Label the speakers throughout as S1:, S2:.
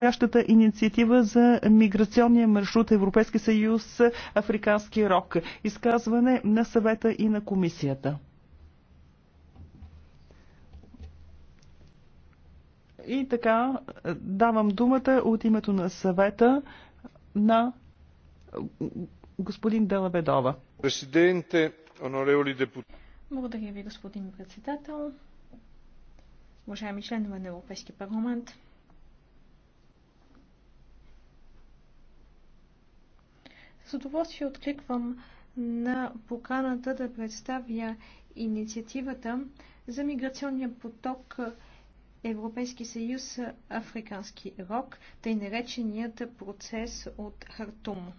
S1: предстоящата инициатива за миграционния маршрут Европейски съюз Африкански рок. Изказване на съвета и на комисията. И така, давам думата от името на съвета на господин Делабедова. Президенте, онореоли депутати.
S2: Благодаря ви, господин председател. Уважаеми членове на Европейския парламент, С удоволствие откликвам на поканата да представя инициативата за миграционния поток Европейски съюз Африкански рок, тъй нареченият процес от Хартум.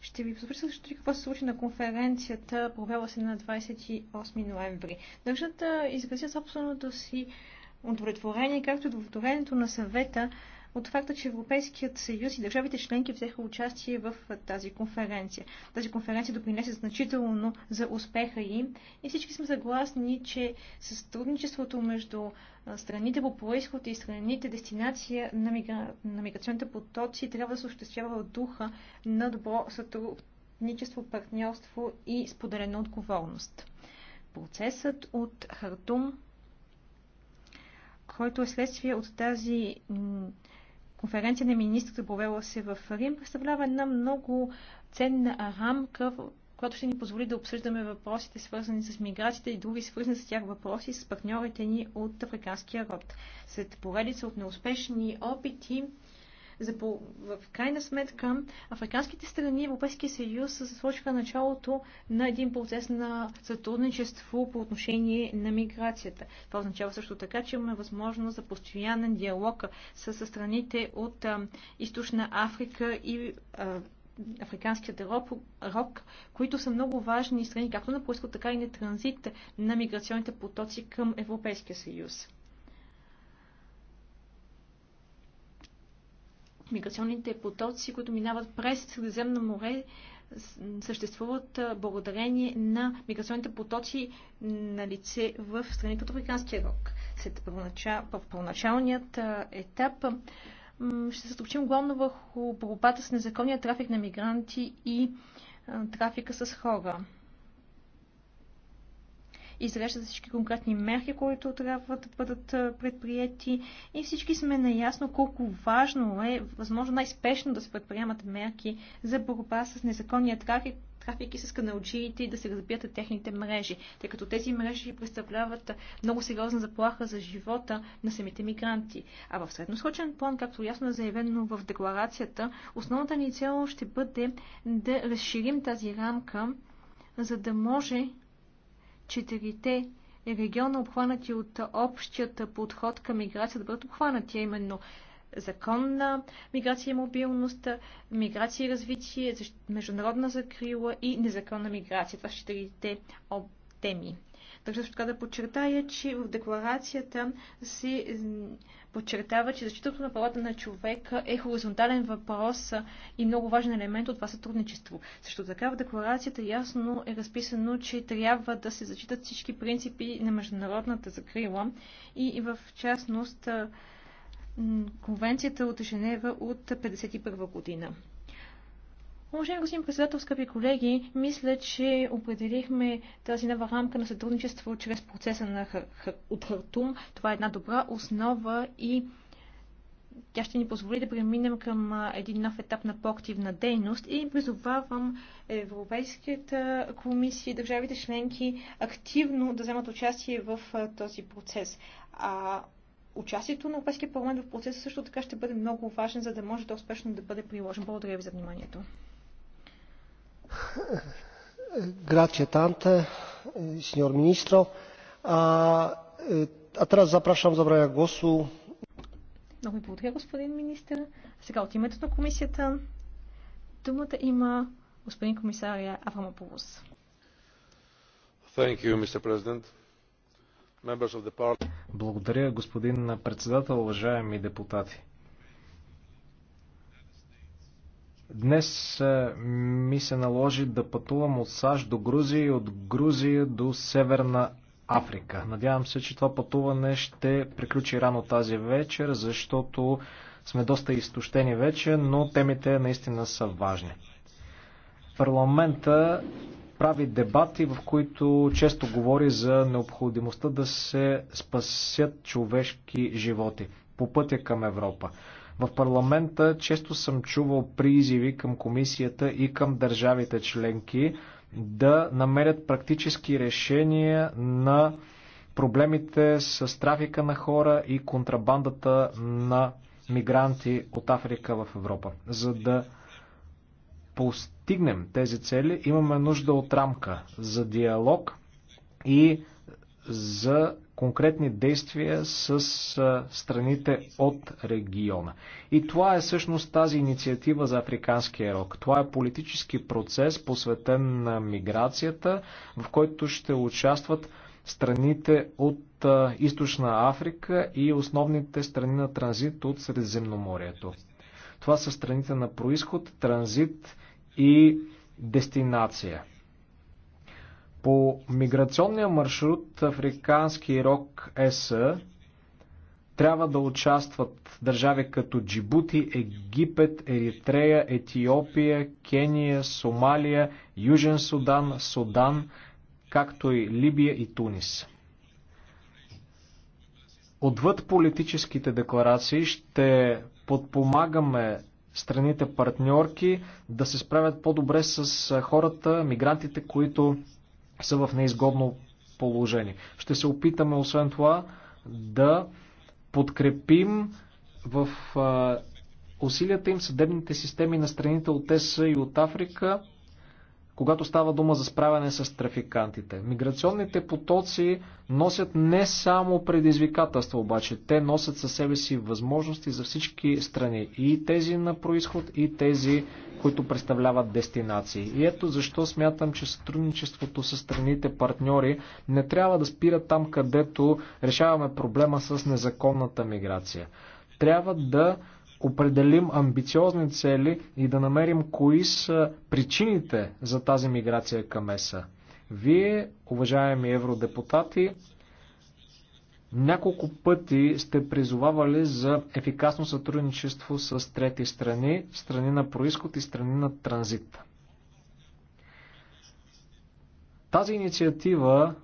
S2: Ще ви посоча какво се случи на конференцията, провела се на 28 ноември. Държа да изразя собственото си удовлетворение, както удовлетворението на съвета от факта, че Европейският съюз и държавите членки взеха участие в тази конференция. Тази конференция допринесе значително за успеха им и всички сме съгласни, че сътрудничеството между страните по происход и страните дестинация на, мигра... на миграционните потоци трябва да се осъществява в духа на добро сътрудничество, партньорство и споделена отговорност. Процесът от Хартум който е следствие от тази конференция на министрите, провела се в Рим, представлява една много ценна рамка, която ще ни позволи да обсъждаме въпросите, свързани с миграцията и други свързани с тях въпроси с партньорите ни от африканския род. След поредица от неуспешни опити, за, в крайна сметка, африканските страни и Европейския съюз се сложиха началото на един процес на сътрудничество по отношение на миграцията. Това означава също така, че имаме възможност за постоянен диалог с, с страните от а, Източна Африка и а, африканският рок, рок, които са много важни страни, както на происход, така и на транзит на миграционните потоци към Европейския съюз. миграционните потоци, които минават през Средиземно море, съществуват благодарение на миграционните потоци на лице в страните от Африканския рог. След първоначалният етап ще се случим главно върху борбата с незаконния трафик на мигранти и трафика с хора изрежда всички конкретни мерки, които трябва да бъдат предприяти и всички сме наясно колко важно е, възможно най-спешно да се предприемат мерки за борба с незаконния трафик, трафики с каналчиите и да се разбият техните мрежи, тъй като тези мрежи представляват много сериозна заплаха за живота на самите мигранти. А в средносрочен план, както ясно е заявено в декларацията, основната ни цел ще бъде да разширим тази рамка, за да може четирите региона, обхванати от общата подход към миграция, да бъдат обхванати, а именно законна миграция и мобилност, миграция и развитие, международна закрила и незаконна миграция. Това са четирите теми. Така също така да подчертая, че в декларацията се подчертава, че защитата на правата на човека е хоризонтален въпрос и много важен елемент от това сътрудничество. Също така в декларацията ясно е разписано, че трябва да се зачитат всички принципи на международната закрила и в частност Конвенцията от Женева от 1951 година. Уважаеми господин председател, скъпи колеги, мисля, че определихме тази нова рамка на сътрудничество чрез процеса на хър, хър, от Хартум. Това е една добра основа и тя ще ни позволи да преминем към един нов етап на по-активна дейност и призовавам Европейската комисия и държавите членки активно да вземат участие в този процес. А участието на Европейския парламент в процеса също така ще бъде много важен, за да може да успешно да бъде приложен. Благодаря ви за вниманието
S3: grazie tante eh, signor ministro eh, teraz zapraszam do zabrania głosu
S2: много ви благодаря, господин Министр. Сега от името на комисията думата има господин комисаря Аврамополос.
S3: Благодаря, господин председател, уважаеми депутати. Днес ми се наложи да пътувам от САЩ до Грузия и от Грузия до Северна Африка. Надявам се, че това пътуване ще приключи рано тази вечер, защото сме доста изтощени вече, но темите наистина са важни. Парламента прави дебати, в които често говори за необходимостта да се спасят човешки животи по пътя към Европа. В парламента често съм чувал призиви към комисията и към държавите членки да намерят практически решения на проблемите с трафика на хора и контрабандата на мигранти от Африка в Европа. За да постигнем тези цели, имаме нужда от рамка за диалог и за конкретни действия с страните от региона. И това е всъщност тази инициатива за Африканския рок. Това е политически процес, посветен на миграцията, в който ще участват страните от Източна Африка и основните страни на транзит от Средиземноморието. Това са страните на происход, транзит и дестинация. По миграционния маршрут Африкански рок ЕС трябва да участват държави като Джибути, Египет, Еритрея, Етиопия, Кения, Сомалия, Южен Судан, Судан, както и Либия и Тунис. Отвъд политическите декларации ще подпомагаме страните партньорки да се справят по-добре с хората, мигрантите, които са в неизгодно положение. Ще се опитаме, освен това, да подкрепим в усилията им съдебните системи на страните от ЕС и от Африка когато става дума за справяне с трафикантите. Миграционните потоци носят не само предизвикателства, обаче те носят със себе си възможности за всички страни. И тези на происход, и тези, които представляват дестинации. И ето защо смятам, че сътрудничеството с страните партньори не трябва да спира там, където решаваме проблема с незаконната миграция. Трябва да определим амбициозни цели и да намерим кои са причините за тази миграция към ЕСА. Вие, уважаеми евродепутати, няколко пъти сте призовавали за ефикасно сътрудничество с трети страни, страни на происход и страни на транзит. Тази инициатива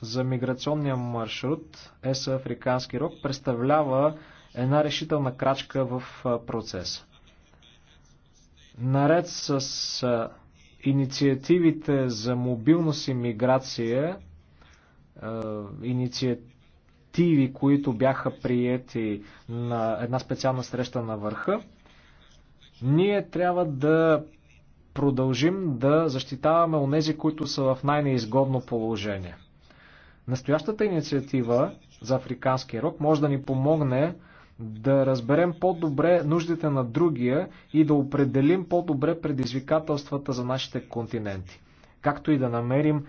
S3: за миграционния маршрут ЕС Африкански рок представлява една решителна крачка в процеса. Наред с инициативите за мобилност и миграция, инициативи, които бяха приети на една специална среща на върха, ние трябва да продължим да защитаваме онези, които са в най-неизгодно положение. Настоящата инициатива за африкански рок може да ни помогне да разберем по-добре нуждите на другия и да определим по-добре предизвикателствата за нашите континенти, както и да намерим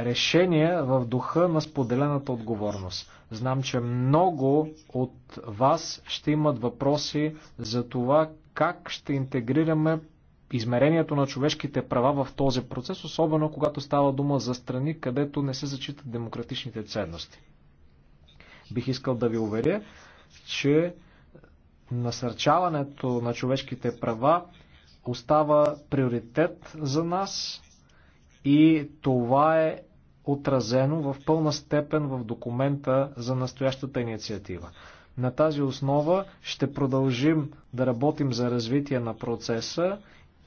S3: решения в духа на споделената отговорност. Знам, че много от вас ще имат въпроси за това как ще интегрираме измерението на човешките права в този процес, особено когато става дума за страни, където не се зачитат демократичните ценности. Бих искал да ви уверя, че насърчаването на човешките права остава приоритет за нас и това е отразено в пълна степен в документа за настоящата инициатива. На тази основа ще продължим да работим за развитие на процеса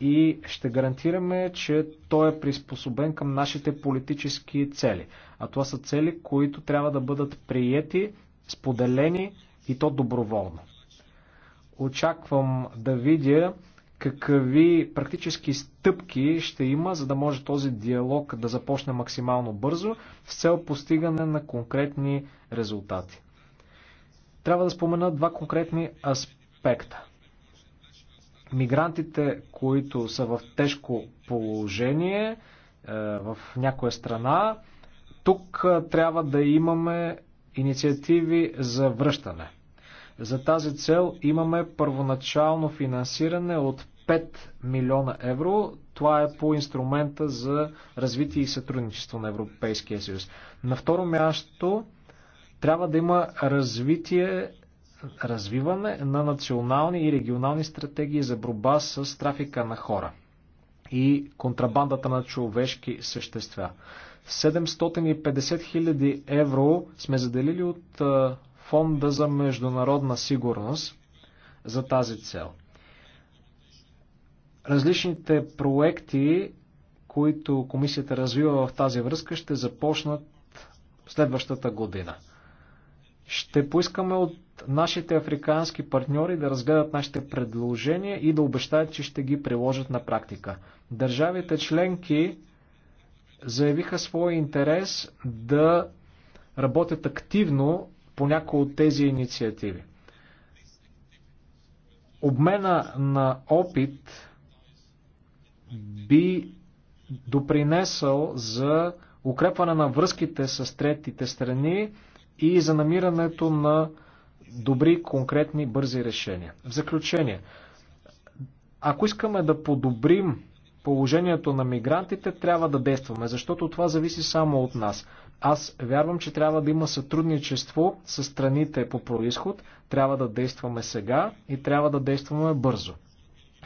S3: и ще гарантираме, че той е приспособен към нашите политически цели. А това са цели, които трябва да бъдат приети, споделени и то доброволно. Очаквам да видя какви практически стъпки ще има, за да може този диалог да започне максимално бързо с цел постигане на конкретни резултати. Трябва да спомена два конкретни аспекта. Мигрантите, които са в тежко положение е, в някоя страна, тук е, трябва да имаме инициативи за връщане. За тази цел имаме първоначално финансиране от 5 милиона евро. Това е по инструмента за развитие и сътрудничество на Европейския съюз. На второ място трябва да има развитие развиване на национални и регионални стратегии за борба с трафика на хора и контрабандата на човешки същества. 750 000 евро сме заделили от Фонда за международна сигурност за тази цел. Различните проекти, които комисията развива в тази връзка, ще започнат следващата година. Ще поискаме от нашите африкански партньори да разгледат нашите предложения и да обещаят, че ще ги приложат на практика. Държавите членки заявиха своя интерес да работят активно по някои от тези инициативи. Обмена на опит би допринесъл за укрепване на връзките с третите страни и за намирането на добри, конкретни, бързи решения. В заключение, ако искаме да подобрим положението на мигрантите, трябва да действаме, защото това зависи само от нас. Аз вярвам, че трябва да има сътрудничество с страните по происход, трябва да действаме сега и трябва да действаме бързо.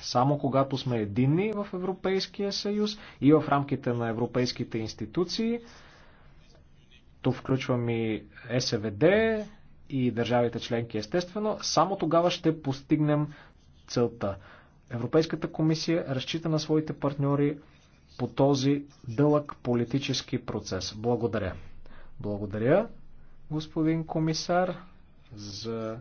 S3: Само когато сме единни в Европейския съюз и в рамките на европейските институции, то включвам и СВД и държавите членки естествено, само тогава ще постигнем целта. Европейската комисия разчита на своите партньори по този дълъг политически процес. Благодаря. Благодаря, господин комисар, за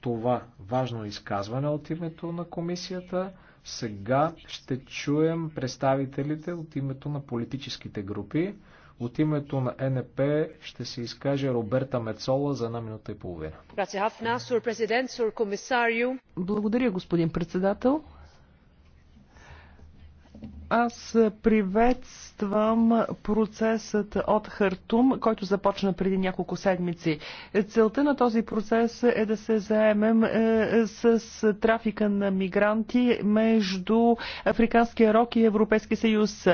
S3: това важно изказване от името на комисията. Сега ще чуем представителите от името на политическите групи. От името на НП ще се изкаже Роберта Мецола за една минута и половина.
S1: Благодаря, господин председател. Аз приветствам процесът от Хартум, който започна преди няколко седмици. Целта на този процес е да се заемем е, с трафика на мигранти между Африканския рок и Европейски съюз,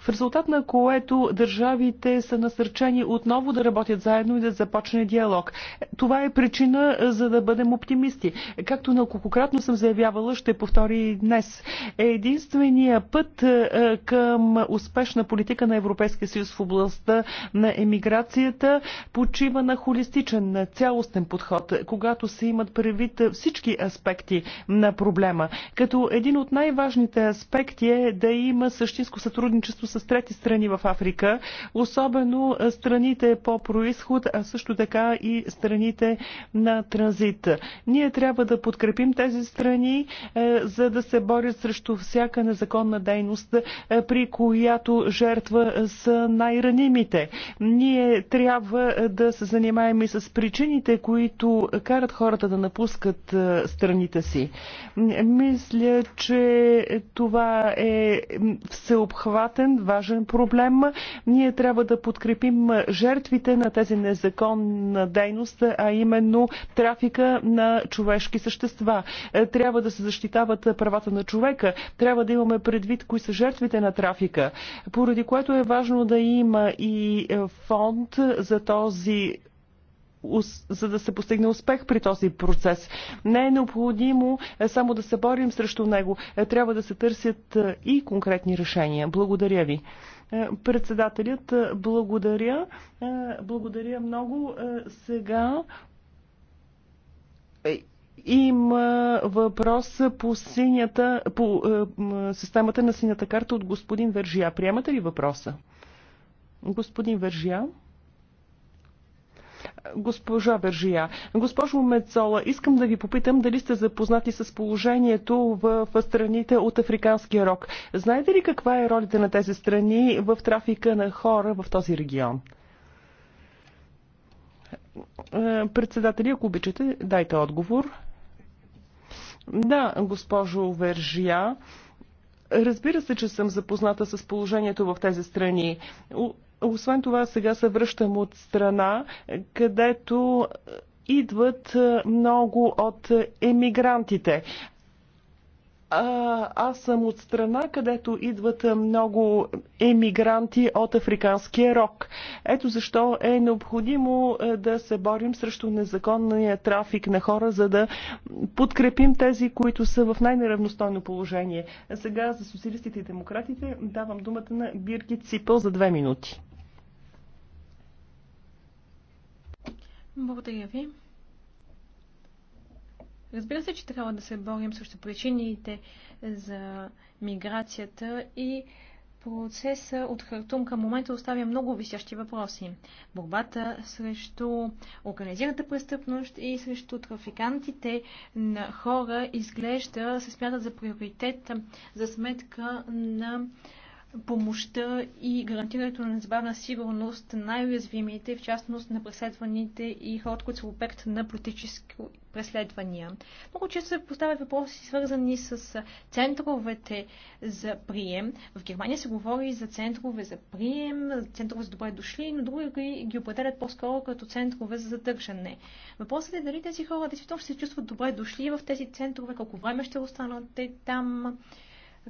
S1: в резултат на което държавите са насърчени отново да работят заедно и да започне диалог. Това е причина за да бъдем оптимисти. Както наколкократно съм заявявала, ще повтори и днес. Единствения път е, към успешна политика на Европейския съюз в областта на емиграцията почива на холистичен, цялостен подход, когато се имат предвид всички аспекти на проблема. Като един от най-важните аспекти е да има същинско сътрудничество с трети страни в Африка, особено страните по происход, а също така и страните на транзит. Ние трябва да подкрепим тези страни, е, за да се борят срещу всяка незаконна дейност е, при която жертва са най-ранимите. Ние трябва е, да се занимаем и с причините, които карат хората да напускат е, страните си. Мисля, че това е всеобхватен, важен проблем. Ние трябва да подкрепим жертвите на тези незаконна дейност, а именно трафика на човешки същества. Трябва да се защитават правата на човека. Трябва да имаме предвид кои са жертвите жертвите на трафика, поради което е важно да има и е, фонд за този за да се постигне успех при този процес. Не е необходимо е, само да се борим срещу него. Е, трябва да се търсят и конкретни решения. Благодаря ви. Председателят, благодаря. Благодаря много. Сега има въпрос по, синята, по е, системата на синята карта от господин Вържия. Приемате ли въпроса? Господин Вържия? госпожа Вържия, Госпожо Мецола, искам да ви попитам дали сте запознати с положението в страните от Африканския рок. Знаете ли каква е ролята на тези страни в трафика на хора в този регион? Е, председатели, ако обичате, дайте отговор. Да, госпожо Вержия, разбира се, че съм запозната с положението в тези страни. Освен това, сега се връщам от страна, където идват много от емигрантите. А, аз съм от страна, където идват много емигранти от африканския рок. Ето защо е необходимо е, да се борим срещу незаконния трафик на хора, за да подкрепим тези, които са в най-неравностойно положение. Сега за социалистите и демократите давам думата на Бирки Ципъл за две минути.
S2: Благодаря ви. Разбира се, че трябва да се борим срещу причините за миграцията и процеса от Хартум към момента оставя много висящи въпроси. Борбата срещу организираната престъпност и срещу трафикантите на хора изглежда се смятат за приоритет за сметка на помощта и гарантирането на незабавна сигурност на най-уязвимите, в частност на преследваните и хората, които са обект на политически преследвания. Много често се поставят въпроси, свързани с центровете за прием. В Германия се говори за центрове за прием, центрове за добре дошли, но други ги определят по-скоро като центрове за задържане. Въпросът е дали тези хора действително ще се чувстват добре дошли в тези центрове, колко време ще останат те там,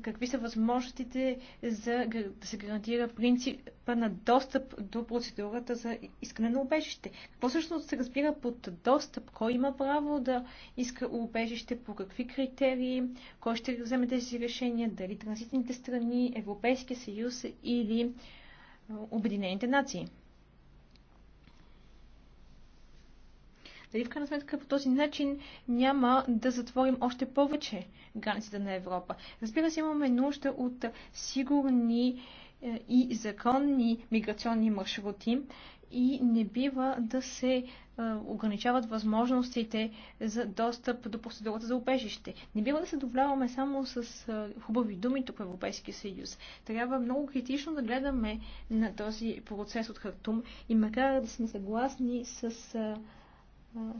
S2: какви са възможностите за да се гарантира принципа на достъп до процедурата за искане на убежище. Какво всъщност се разбира под достъп? Кой има право да иска убежище? По какви критерии? Кой ще вземе тези решения? Дали транзитните страни, Европейския съюз или Обединените нации? Дали в крайна сметка по този начин няма да затворим още повече границите на Европа? Разбира се, имаме нужда от сигурни е, и законни миграционни маршрути и не бива да се е, ограничават възможностите за достъп до процедурата за убежище. Не бива да се довляваме само с е, хубави думи тук в Европейския съюз. Трябва много критично да гледаме на този процес от Хартум и макар да сме съгласни с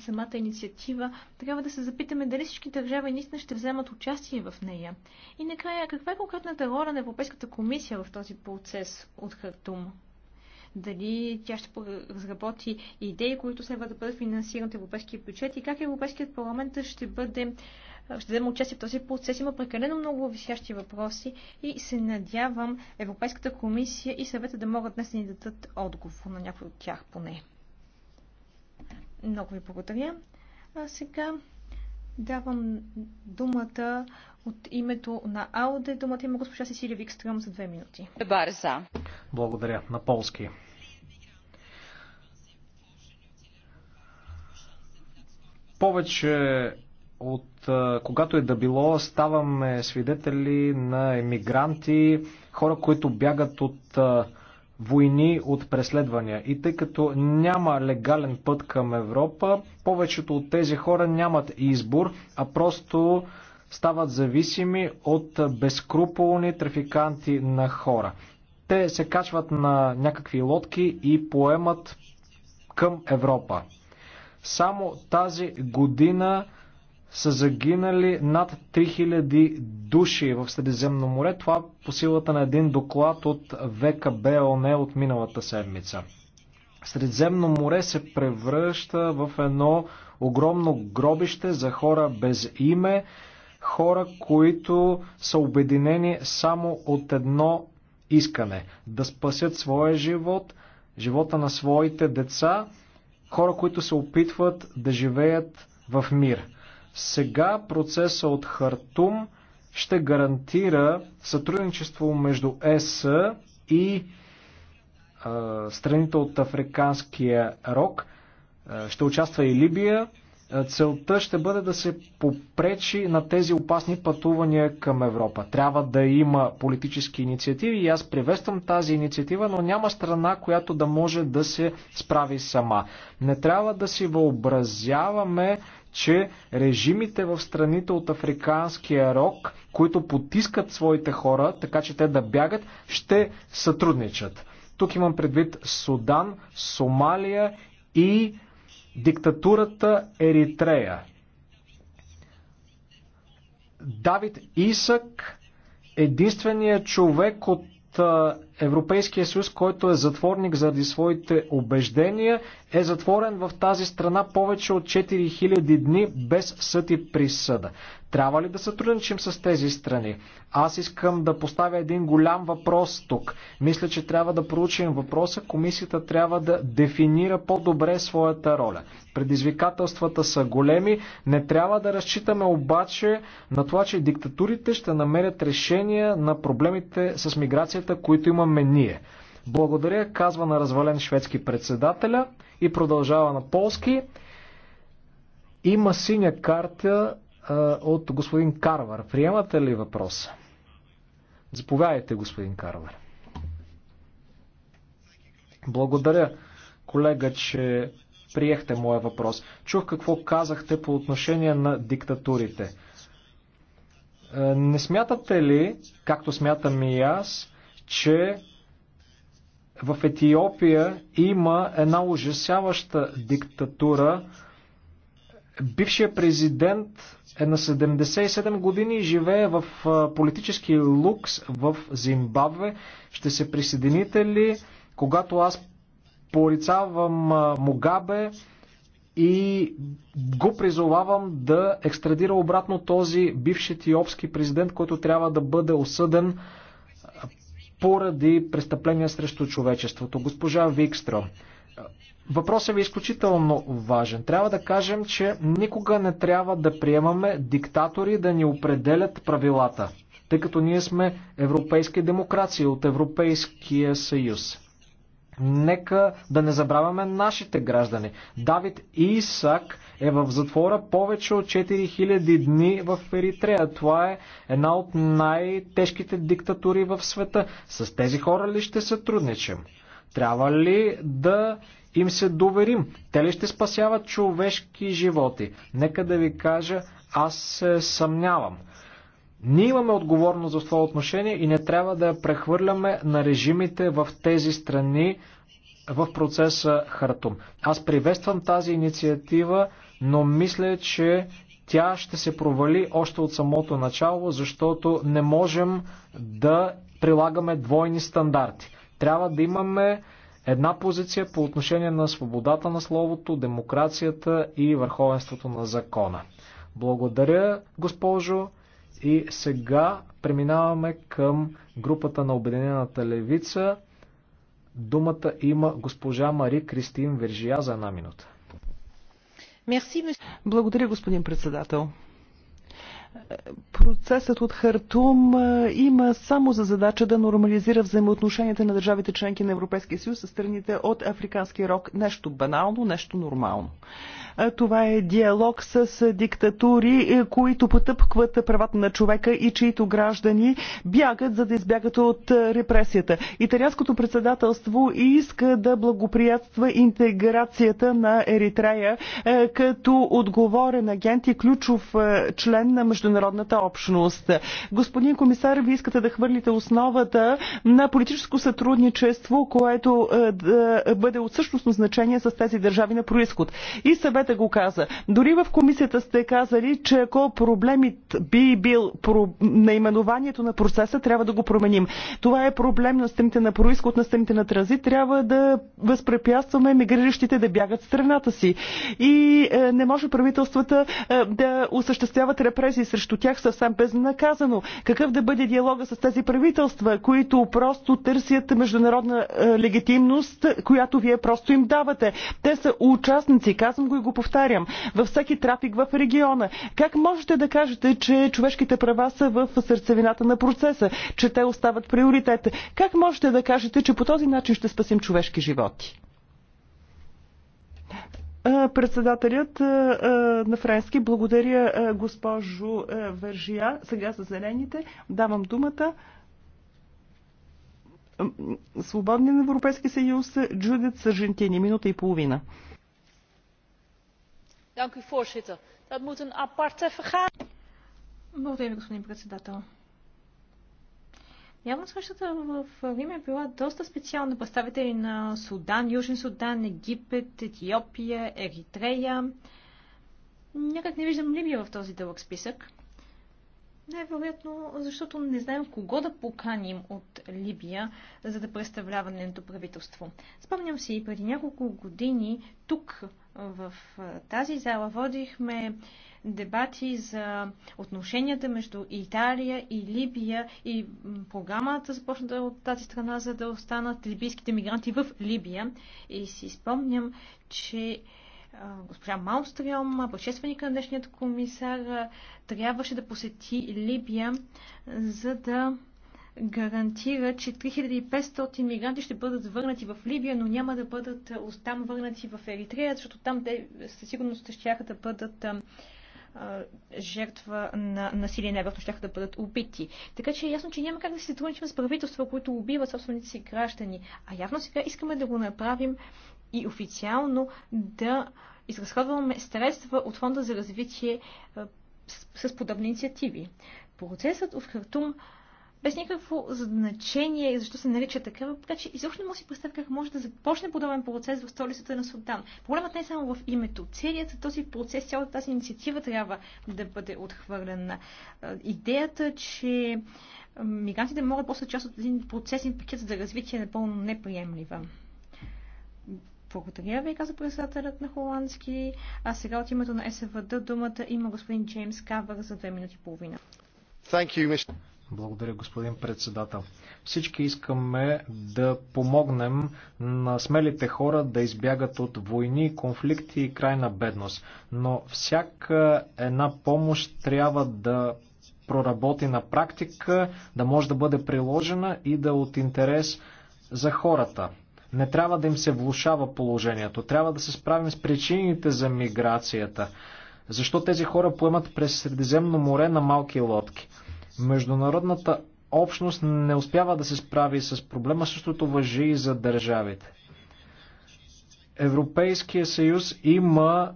S2: самата инициатива, трябва да се запитаме дали всички държави наистина ще вземат участие в нея. И накрая, каква е конкретната роля на Европейската комисия в този процес от Хартум? Дали тя ще разработи идеи, които следва да бъдат финансирани от европейския бюджет и как Европейският парламент ще бъде ще взема участие в този процес. Има прекалено много висящи въпроси и се надявам Европейската комисия и съвета да могат днес да ни дадат отговор на някой от тях поне. Много ви благодаря. А сега давам думата от името на Ауде. Думата има госпожа Сесилия Викстрам за две минути. Бареса.
S3: Благодаря. На полски. Повече от когато е да било, ставаме свидетели на емигранти, хора, които бягат от войни от преследвания. И тъй като няма легален път към Европа, повечето от тези хора нямат избор, а просто стават зависими от безкруполни трафиканти на хора. Те се качват на някакви лодки и поемат към Европа. Само тази година са загинали над 3000 души в Средиземно море. Това по силата на един доклад от ВКБ ОНЕ от миналата седмица. Средиземно море се превръща в едно огромно гробище за хора без име, хора, които са обединени само от едно искане да спасят своя живот, живота на своите деца, хора, които се опитват да живеят в мир. Сега процеса от Хартум ще гарантира сътрудничество между ЕС и страните от Африканския рок. Ще участва и Либия. Е, целта ще бъде да се попречи на тези опасни пътувания към Европа. Трябва да има политически инициативи и аз приветствам тази инициатива, но няма страна, която да може да се справи сама. Не трябва да си въобразяваме, че режимите в страните от африканския рок, които потискат своите хора, така че те да бягат, ще сътрудничат. Тук имам предвид Судан, Сомалия и диктатурата Еритрея. Давид Исък, единственият човек от Европейския съюз, който е затворник заради своите убеждения, е затворен в тази страна повече от 4000 дни без съд и присъда. Трябва ли да сътрудничим с тези страни? Аз искам да поставя един голям въпрос тук. Мисля, че трябва да проучим въпроса. Комисията трябва да дефинира по-добре своята роля. Предизвикателствата са големи. Не трябва да разчитаме обаче на това, че диктатурите ще намерят решения на проблемите с миграцията, които има имаме ние. Благодаря, казва на развален шведски председателя и продължава на полски. Има синя карта а, от господин Карвар. Приемате ли въпроса? Заповядайте, господин Карвар. Благодаря, колега, че приехте моя въпрос. Чух какво казахте по отношение на диктатурите. Не смятате ли, както смятам и аз, че в Етиопия има една ужасяваща диктатура. Бившият президент е на 77 години и живее в политически лукс в Зимбабве. Ще се присъедините ли, когато аз порицавам Мугабе и го призовавам да екстрадира обратно този бивши етиопски президент, който трябва да бъде осъден поради престъпления срещу човечеството. Госпожа Викстром, въпросът ви е изключително важен. Трябва да кажем, че никога не трябва да приемаме диктатори да ни определят правилата, тъй като ние сме европейски демокрации от Европейския съюз. Нека да не забравяме нашите граждани. Давид Исак е в затвора повече от 4000 дни в Еритрея. Това е една от най-тежките диктатури в света. С тези хора ли ще сътрудничим? Трябва ли да им се доверим? Те ли ще спасяват човешки животи? Нека да ви кажа, аз се съмнявам. Ние имаме отговорност за това отношение и не трябва да я прехвърляме на режимите в тези страни в процеса Хартум. Аз приветствам тази инициатива, но мисля, че тя ще се провали още от самото начало, защото не можем да прилагаме двойни стандарти. Трябва да имаме една позиция по отношение на свободата на словото, демокрацията и върховенството на закона. Благодаря, госпожо. И сега преминаваме към групата на Обединената левица. Думата има госпожа Мари Кристин Вержия за една минута.
S1: Благодаря, господин председател. Процесът от Хартум има само за задача да нормализира взаимоотношенията на държавите членки на Европейския съюз с страните от Африканския рок. Нещо банално, нещо нормално. Това е диалог с диктатури, които потъпкват правата на човека и чието граждани бягат, за да избягат от репресията. Италианското председателство иска да благоприятства интеграцията на Еритрея като отговорен агент и ключов член на между международната общност. Господин комисар, ви искате да хвърлите основата на политическо сътрудничество, което е, да бъде от същностно значение с тези държави на происход. И съвета го каза. Дори в комисията сте казали, че ако проблемът би бил про... наименованието на процеса, трябва да го променим. Това е проблем на страните на происход, на страните на транзит. Трябва да възпрепятстваме мигриращите да бягат страната си. И е, не може правителствата е, да осъществяват репресии срещу тях съвсем безнаказано. Какъв да бъде диалога с тези правителства, които просто търсят международна е, легитимност, която вие просто им давате? Те са участници, казвам го и го повтарям, във всеки трафик в региона. Как можете да кажете, че човешките права са в сърцевината на процеса, че те остават приоритет? Как можете да кажете, че по този начин ще спасим човешки животи? Председателят на Френски, благодаря госпожо Вержия Сега са зелените. Давам думата. Свободния Европейски съюз Джудит Сържентини. Минута и половина.
S2: Благодаря ви, господин председател. Явно срещата в Рим е била доста специална. Представители на Судан, Южен Судан, Египет, Етиопия, Еритрея. Някак не виждам Либия в този дълъг списък. Най-вероятно, защото не знаем кого да поканим от Либия, за да представлява нейното правителство. Спомням си, преди няколко години тук в тази зала водихме дебати за отношенията между Италия и Либия и програмата започната от тази страна, за да останат либийските мигранти в Либия. И си спомням, че госпожа Маустриом, предшественика на днешният комисар, трябваше да посети Либия, за да гарантира, че 3500 мигранти ще бъдат върнати в Либия, но няма да бъдат оттам върнати в Еритрея, защото там те със сигурност ще да бъдат жертва на насилие, най-вероятно ще да бъдат убити. Така че е ясно, че няма как да се сътрудничим с правителства, които убиват собствените си граждани. А явно сега искаме да го направим и официално да изразходваме средства от Фонда за развитие с, с подобни инициативи. Процесът в Хартум без никакво значение и защо се нарича такава, така че изобщо не мога си представя как може да започне подобен процес в столицата на Судан. Проблемът не е само в името. Целият този процес, цялата тази инициатива трябва да бъде отхвърлена. Идеята, че мигрантите могат после част от един процесен пакет за развитие е напълно неприемлива. Благодаря ви, каза председателят на холандски. А сега от името на СВД думата има господин Джеймс Кавър за две минути и половина.
S3: Thank you, Mr. Благодаря, господин председател. Всички искаме да помогнем на смелите хора да избягат от войни, конфликти и крайна бедност. Но всяка една помощ трябва да проработи на практика, да може да бъде приложена и да е от интерес за хората. Не трябва да им се влушава положението. Трябва да се справим с причините за миграцията. Защо тези хора поемат през Средиземно море на малки лодки? Международната общност не успява да се справи с проблема, същото въжи и за държавите. Европейския съюз има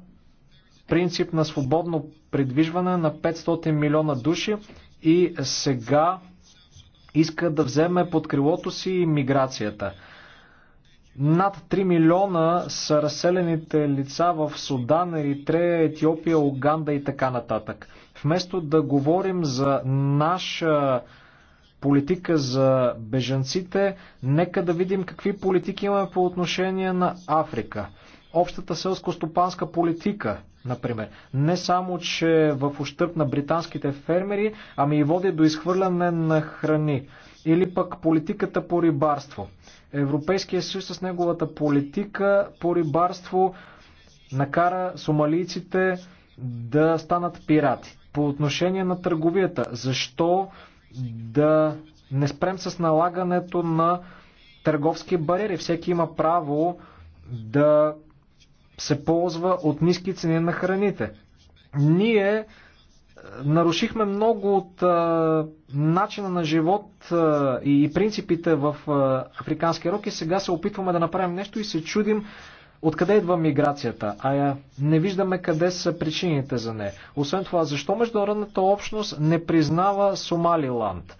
S3: принцип на свободно придвижване на 500 милиона души и сега иска да вземе под крилото си миграцията. Над 3 милиона са разселените лица в Судан, Еритрея, Етиопия, Уганда и така нататък. Вместо да говорим за наша политика за бежанците, нека да видим какви политики имаме по отношение на Африка. Общата селско-стопанска политика, например. Не само, че в ущърп на британските фермери, ами и води до изхвърляне на храни. Или пък политиката по рибарство. Европейския съюз с неговата политика по рибарство накара сомалийците да станат пирати. По отношение на търговията, защо да не спрем с налагането на търговски бариери? Всеки има право да се ползва от ниски цени на храните. Ние е, нарушихме много от а, е, начина на живот а, е, и принципите в а, африканския рок и сега се опитваме да направим нещо и се чудим Откъде идва миграцията? А не виждаме къде са причините за нея. Освен това, защо международната общност не признава Сомалиланд?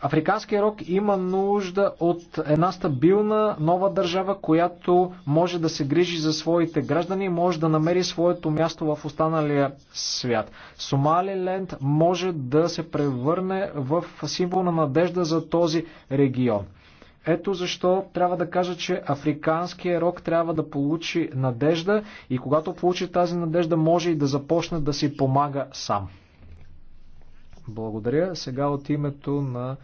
S3: Африканския рок има нужда от една стабилна нова държава, която може да се грижи за своите граждани и може да намери своето място в останалия свят. Сомалиленд може да се превърне в символ на надежда за този регион. Ето защо трябва да кажа, че африканския рок трябва да получи надежда и когато получи тази надежда, може и да започне да си помага сам. Благодаря. Сега от името на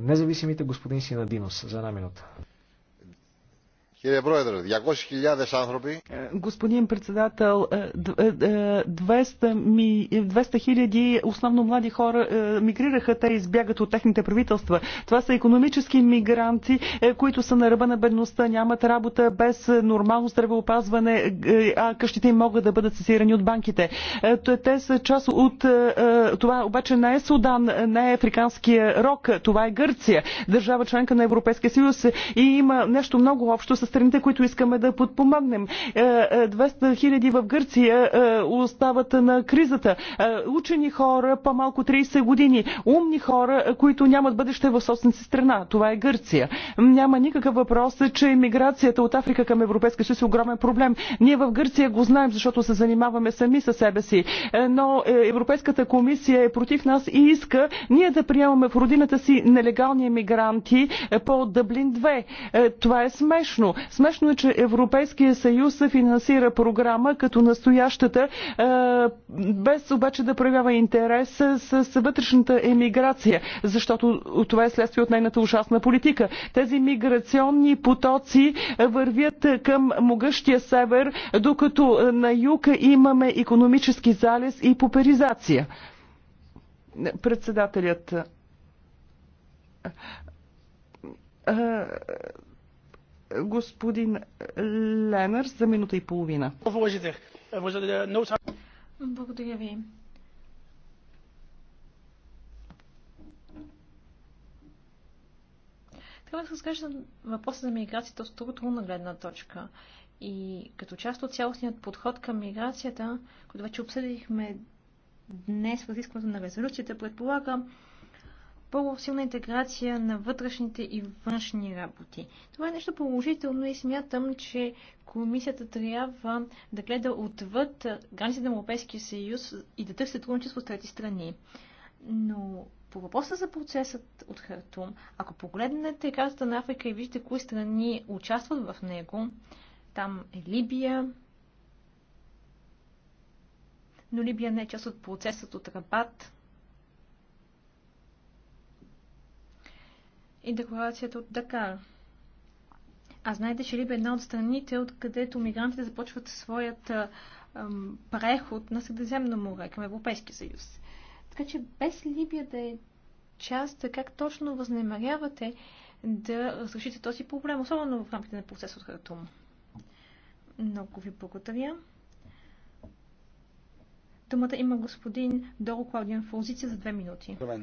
S1: независимите господин Синадинос за една минута. Е, господин председател, 200, е, е, хиляди основно млади хора мигрираха, те избягат от техните правителства. Това са економически мигранти, които са на ръба на бедността, нямат работа без нормално здравеопазване, а къщите им могат да бъдат сесирани от банките. Те са част от това, обаче не е Судан, не е Африканския рок, това е Гърция, държава членка на Европейския съюз и има нещо много общо с страните, които искаме да подпомагнем. 200 е, е, хиляди в Гърция е, остават на кризата. Учени хора, по-малко 30 години. Умни хора, които нямат бъдеще в собствената си страна. Това е Гърция. Няма никакъв въпрос, че миграцията от Африка към Европейския съюз е огромен проблем. Ние в Гърция го знаем, защото се занимаваме сами със себе си. Но Европейската комисия е против нас и иска ние да приемаме в родината си нелегални мигранти по Дъблин 2. Това е смешно. Смешно е, че Европейския съюз финансира програма като настоящата, е, без обаче да проявява интерес с вътрешната емиграция, защото това е следствие от нейната ужасна политика. Тези миграционни потоци вървят към могъщия север, докато на юг имаме економически залез и поперизация. Председателят е, е, господин Ленър за минута и половина.
S2: Благодаря ви. Трябва да се разглежда въпроса за миграцията от структурна гледна точка. И като част от цялостният подход към миграцията, който вече обсъдихме днес в изискването на резолюцията, предполагам по-силна интеграция на вътрешните и външни работи. Това е нещо положително и смятам, че комисията трябва да гледа отвъд границите на Европейския съюз и да търси сътрудничество с трети страни. Но по въпроса за процесът от Хартум, ако погледнете картата на Африка и виждате кои страни участват в него, там е Либия, но Либия не е част от процесът от Рабат, и декларацията от Дакар. А знаете, че Либия е една от страните, откъдето мигрантите започват своят ам, преход на Средиземно море към Европейския съюз. Така че без Либия да е част, как точно възнамерявате да разрешите този проблем, особено в рамките на процеса от Хартум? Много ви благодаря. Думата има господин Доро Клаудиан Фолзиция за две минути. Добре.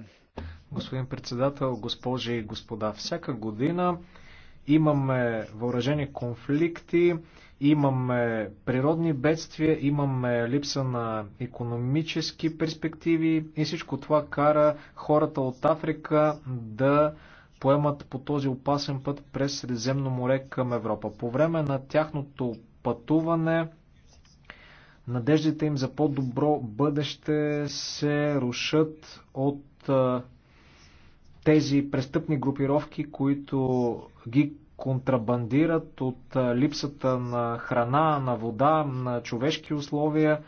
S3: Господин председател, госпожи и господа, всяка година имаме въоръжени конфликти, имаме природни бедствия, имаме липса на економически перспективи и всичко това кара хората от Африка да поемат по този опасен път през Средиземно море към Европа. По време на тяхното пътуване надеждите им за по-добро бъдеще се рушат от тези престъпни групировки, които ги контрабандират от липсата на храна, на вода, на човешки условия.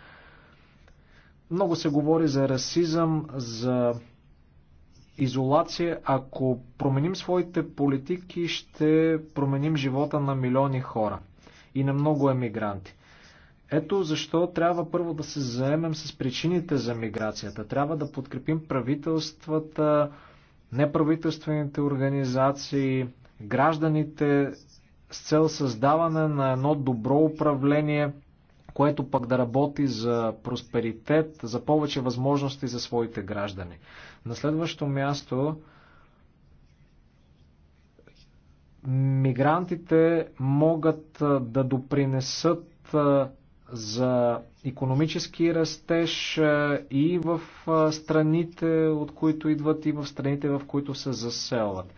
S3: Много се говори за расизъм, за изолация. Ако променим своите политики, ще променим живота на милиони хора и на много емигранти. Ето защо трябва първо да се заемем с причините за миграцията. Трябва да подкрепим правителствата, неправителствените организации, гражданите с цел създаване на едно добро управление, което пък да работи за просперитет, за повече възможности за своите граждани. На следващо място мигрантите могат да допринесат за економически растеж и в страните, от които идват, и в страните, в които се заселват.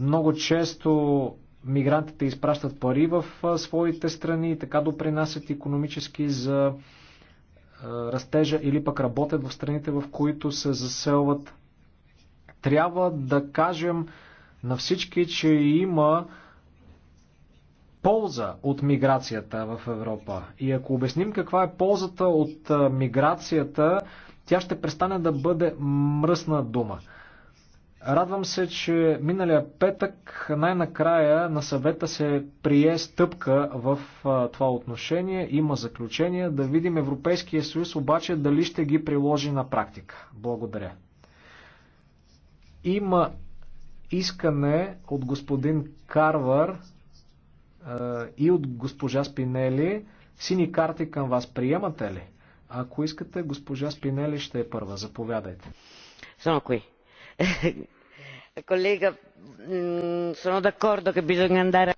S3: Много често мигрантите изпращат пари в своите страни и така допринасят економически за растежа или пък работят в страните, в които се заселват. Трябва да кажем на всички, че има полза от миграцията в Европа. И ако обясним каква е ползата от миграцията, тя ще престане да бъде мръсна дума. Радвам се, че миналия петък най-накрая на съвета се прие стъпка в това отношение. Има заключение да видим Европейския съюз обаче дали ще ги приложи на практика. Благодаря. Има искане от господин Карвар и от госпожа Спинели. Сини карти към вас приемате ли? Ако искате, госпожа Спинели ще е първа. Заповядайте. Само кои?
S2: Колега, да d'accordo che bisogna
S1: andare...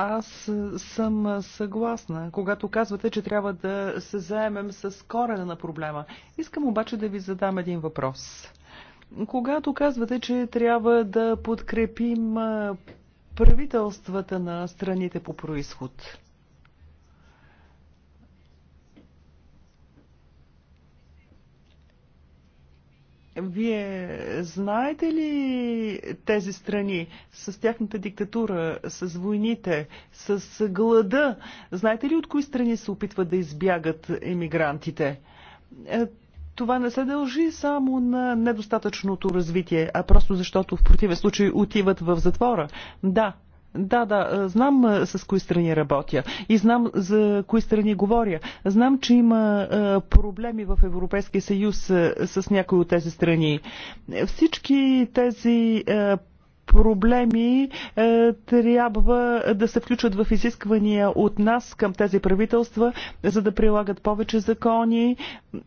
S1: Аз съм съгласна, когато казвате, че трябва да се заемем с корена на проблема. Искам обаче да ви задам един въпрос. Когато казвате, че трябва да подкрепим правителствата на страните по происход. Вие знаете ли тези страни с тяхната диктатура, с войните, с глада? Знаете ли от кои страни се опитват да избягат емигрантите? това не се дължи само на недостатъчното развитие, а просто защото в противен случай отиват в затвора. Да, да, да, знам с кои страни работя и знам за кои страни говоря. Знам, че има проблеми в Европейския съюз с някои от тези страни. Всички тези проблеми е, трябва да се включат в изисквания от нас към тези правителства, за да прилагат повече закони,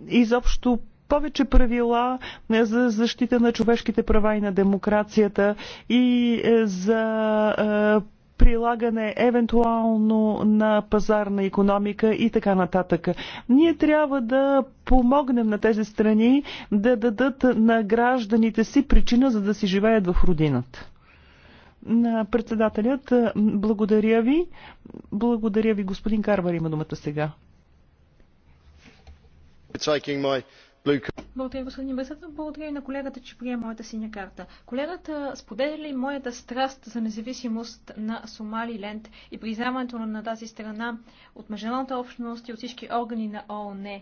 S1: изобщо повече правила е, за защита на човешките права и на демокрацията и е, за е, прилагане евентуално на пазарна економика и така нататък. Ние трябва да помогнем на тези страни да дадат на гражданите си причина за да си живеят в родината. На председателят, благодаря ви. Благодаря ви, господин Карвар има думата сега.
S3: It's благодаря,
S2: господин Бесата. Благодаря и на колегата, че прие моята синя карта. Колегата споделя ли моята страст за независимост на Сомали Ленд и признаването на тази страна от международната общност и от всички органи на ООН?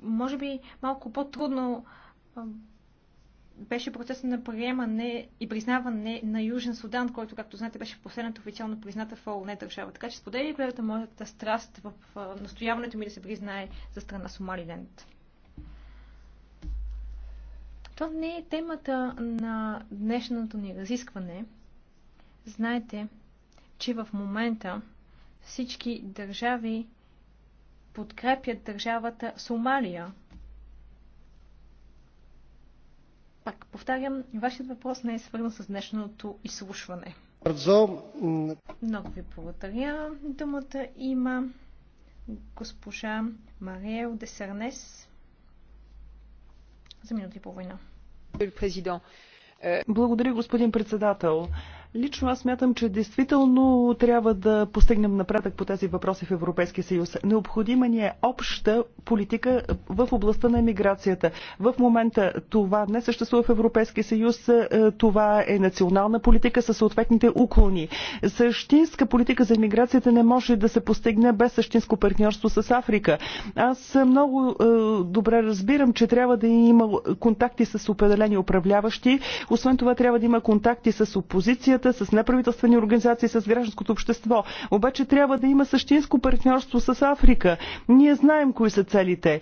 S2: Може би малко по-трудно беше процесът на приемане и признаване на Южен Судан, който, както знаете, беше последната официално призната в ООН държава. Така че споделя гледата моята страст в настояването ми да се признае за страна Сомалиленд. То не е темата на днешното ни разискване. Знаете, че в момента всички държави подкрепят държавата Сомалия, Пак повтарям, вашият въпрос не е свързан с днешното изслушване. Бързо. Много ви благодаря. Думата има госпожа Мариел Десернес за минути по война. Благодаря,
S1: господин председател. Лично аз мятам, че действително трябва да постигнем напредък по тези въпроси в Европейския съюз. Необходима ни е обща политика в областта на емиграцията. В момента това не съществува в Европейския съюз. Е, това е национална политика със съответните уклони. Същинска политика за емиграцията не може да се постигне без същинско партньорство с Африка. Аз много е, добре разбирам, че трябва да има контакти с определени управляващи. Освен това трябва да има контакти с опозицията хората, с неправителствени организации, с гражданското общество. Обаче трябва да има същинско партньорство с Африка. Ние знаем кои са целите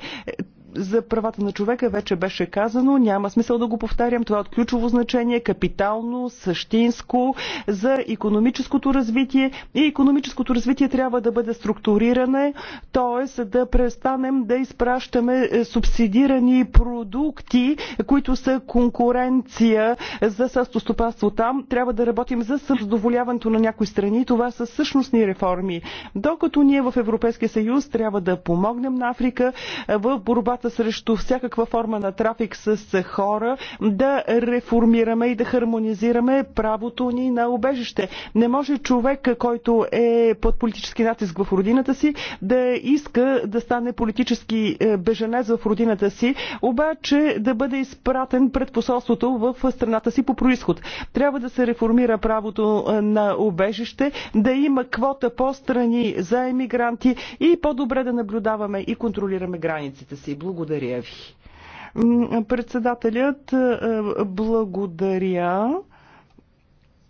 S1: за правата на човека вече беше казано, няма смисъл да го повтарям, това е от ключово значение, капитално, същинско, за економическото развитие и економическото развитие трябва да бъде структуриране, т.е. да престанем да изпращаме е, субсидирани продукти, които са конкуренция за състостопанство там. Трябва да работим за създоволяването на някои страни. Това са същностни реформи. Докато ние в Европейския съюз трябва да помогнем на Африка е, в борбата борбата срещу всякаква форма на трафик с хора, да реформираме и да хармонизираме правото ни на обежище. Не може човек, който е под политически натиск в родината си, да иска да стане политически е, беженец в родината си, обаче да бъде изпратен пред посолството в страната си по происход. Трябва да се реформира правото е, на обежище, да има квота по страни за емигранти и по-добре да наблюдаваме и контролираме границите си. Благодаря. Благодаря ви. Председателят, е, благодаря.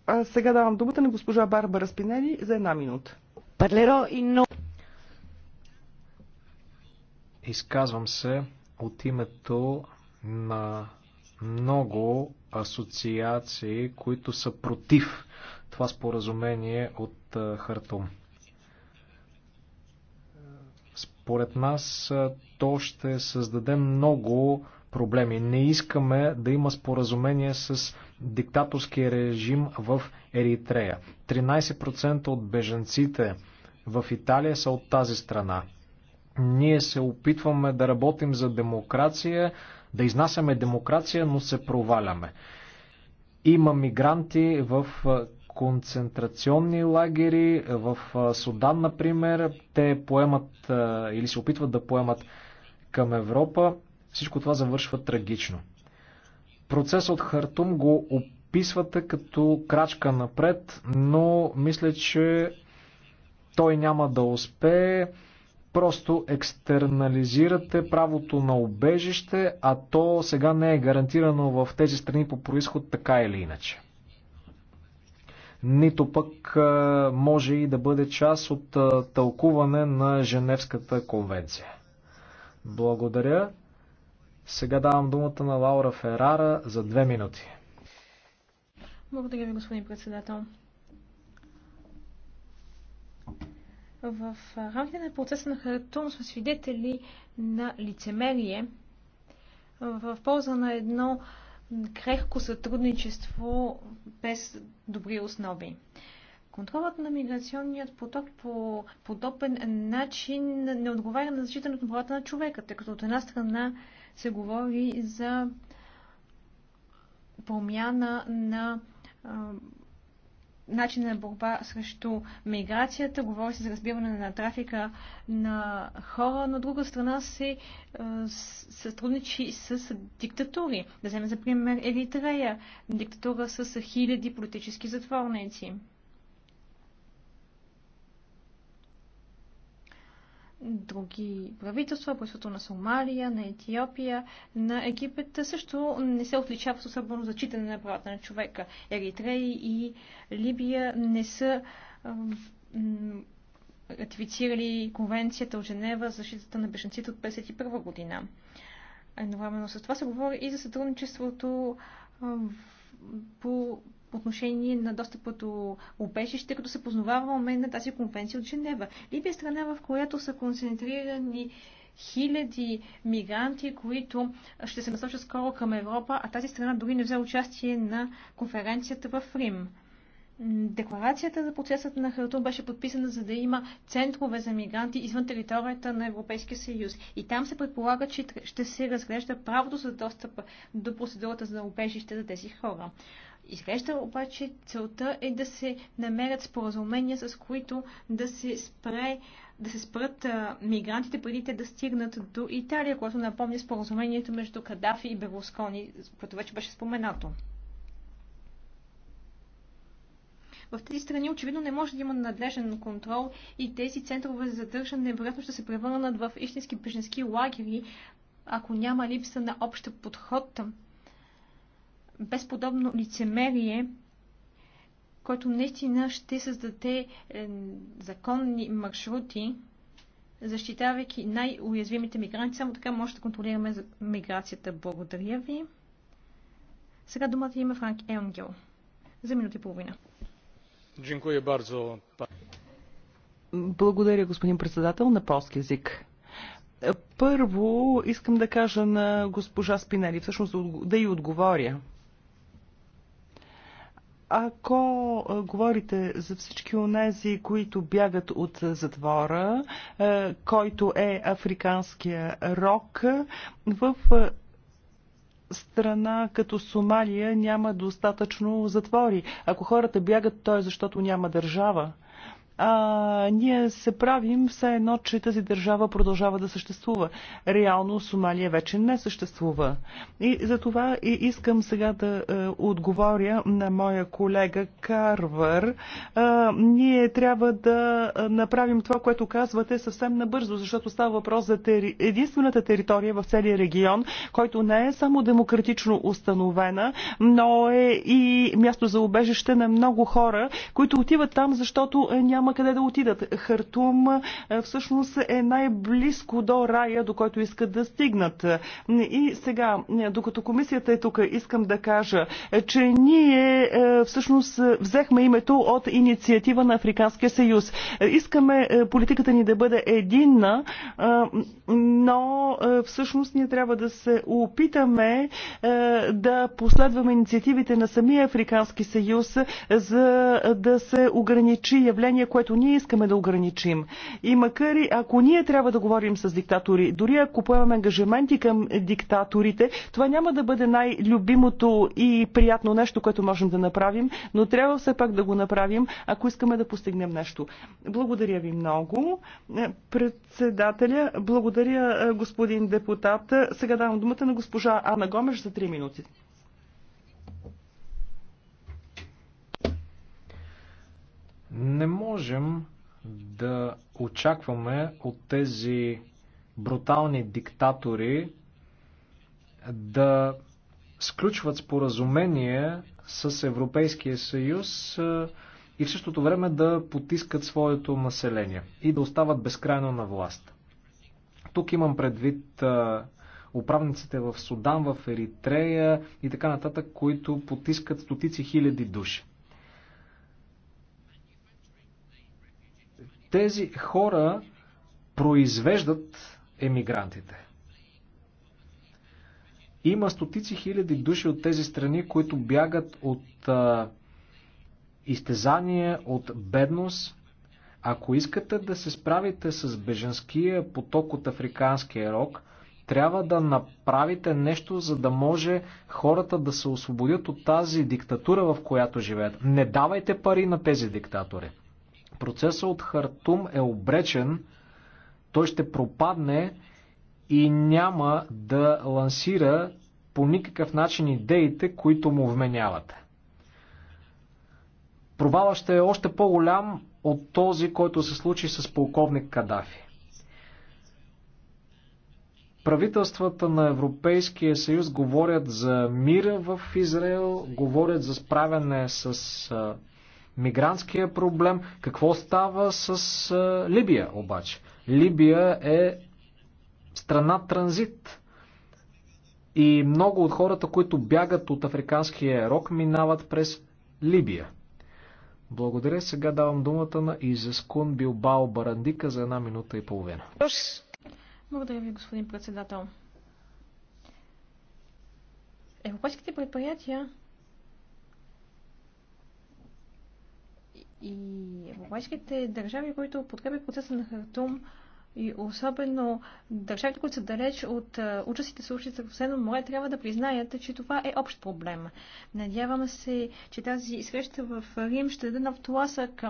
S1: А сега давам думата на госпожа Барбара Спинели за една минута.
S2: Парлеро и но...
S3: Изказвам се от името на много асоциации, които са против това споразумение от е, Хартум. Според нас то ще създаде много проблеми. Не искаме да има споразумение с диктаторския режим в Еритрея. 13% от беженците в Италия са от тази страна. Ние се опитваме да работим за демокрация, да изнасяме демокрация, но се проваляме. Има мигранти в концентрационни лагери в Судан, например. Те поемат или се опитват да поемат към Европа. Всичко това завършва трагично. Процесът от Хартум го описвате като крачка напред, но мисля, че той няма да успее. Просто екстернализирате правото на убежище, а то сега не е гарантирано в тези страни по происход така или иначе нито пък може и да бъде част от тълкуване на Женевската конвенция. Благодаря. Сега давам думата на Лаура Ферара за две минути.
S2: Благодаря ви, господин председател. В рамките на процеса на Хартум сме свидетели на лицемерие в полза на едно крехко сътрудничество без добри основи. Контролът на миграционният поток по подобен начин не отговаря на зачитането на правата на човека, тъй като от една страна се говори за промяна на начин на борба срещу миграцията, говори се за разбиване на трафика на хора, но от друга страна се е, сътрудничи с диктатури. Да вземем за пример Еритрея, диктатура с хиляди политически затворници. други правителства, правителството на Сомалия, на Етиопия, на Египет също не се отличава с особено зачитане на правата на човека. Еритрея и Либия не са ратифицирали конвенцията от Женева за защитата на бешенците от 1951 година. Едновременно с това се говори и за сътрудничеството по по отношение на достъпа до обежище, като се момент на тази конвенция от Женева. Либия е страна, в която са концентрирани хиляди мигранти, които ще се насочат скоро към Европа, а тази страна дори не взе участие на конференцията в Рим. Декларацията за процесът на Хартум беше подписана, за да има центрове за мигранти извън територията на Европейския съюз. И там се предполага, че ще се разглежда правото за достъп до процедурата за убежище за тези хора. Изглежда обаче целта е да се намерят споразумения, с които да се спре да се спрат а, мигрантите преди те да стигнат до Италия, което напомня споразумението между Кадафи и Берлускони, което вече беше споменато. В тези страни очевидно не може да има надлежен контрол и тези центрове за задържане вероятно ще се превърнат в истински беженски лагери, ако няма липса на общ подход безподобно лицемерие, който наистина ще създаде е, законни маршрути, защитавайки най-уязвимите мигранти. Само така може да контролираме миграцията. Благодаря ви. Сега думата има Франк Енгел. За минута и половина.
S1: Благодаря, господин председател, на полски язик. Първо искам да кажа на госпожа Спинели, всъщност да й отговоря. Ако говорите за всички онези, които бягат от затвора, който е африканския рок, в страна като Сомалия няма достатъчно затвори. Ако хората бягат, то е защото няма държава а, ние се правим все едно, че тази държава продължава да съществува. Реално Сомалия вече не съществува. И за това и искам сега да е, отговоря на моя колега Карвар. А, ние трябва да направим това, което казвате съвсем набързо, защото става въпрос за тери... единствената територия в целия регион, който не е само демократично установена, но е и място за убежище на много хора, които отиват там, защото няма няма къде да отидат. Хартум е, всъщност е най-близко до рая, до който искат да стигнат. И сега, е, докато комисията е тук, искам да кажа, е, че ние всъщност взехме името от инициатива на Африканския съюз. Искаме политиката ни да бъде единна, но всъщност ние трябва да се опитаме да последваме инициативите на самия Африкански съюз, за да се ограничи явление, което ние искаме да ограничим. И макар и ако ние трябва да говорим с диктатори, дори ако поемаме ангажименти към диктаторите, това няма да бъде най-любимото и приятно нещо, което можем да направим, но трябва все пак да го направим, ако искаме да постигнем нещо. Благодаря ви много. Председателя, благодаря господин депутат. Сега давам думата на госпожа Ана Гомеш за 3 минути.
S3: Не можем да очакваме от тези брутални диктатори да сключват споразумение с Европейския съюз и в същото време да потискат своето население и да остават безкрайно на власт. Тук имам предвид управниците в Судан, в Еритрея и така нататък, които потискат стотици хиляди души. Тези хора произвеждат емигрантите. Има стотици хиляди души от тези страни, които бягат от а, изтезания, от бедност. Ако искате да се справите с беженския поток от африканския рок, трябва да направите нещо, за да може хората да се освободят от тази диктатура, в която живеят. Не давайте пари на тези диктатори. Процесът от Хартум е обречен, той ще пропадне и няма да лансира по никакъв начин идеите, които му вменявате. Провала ще е още по-голям от този, който се случи с полковник Кадафи. Правителствата на Европейския съюз говорят за мира в Израел, говорят за справяне с мигрантския проблем. Какво става с Либия обаче? Либия е страна транзит. И много от хората, които бягат от африканския рок, минават през Либия. Благодаря. Сега давам думата на Изескун Билбао Барандика за една минута и половина.
S2: Благодаря ви, господин председател. Европейските предприятия И европейските държави, които подкрепят процеса на Хартум, и особено държавите, които са далеч от е, участите се случаите в Средно море, трябва да признаят, че това е общ проблем. Надявам се, че тази среща в Рим ще даде нов тласък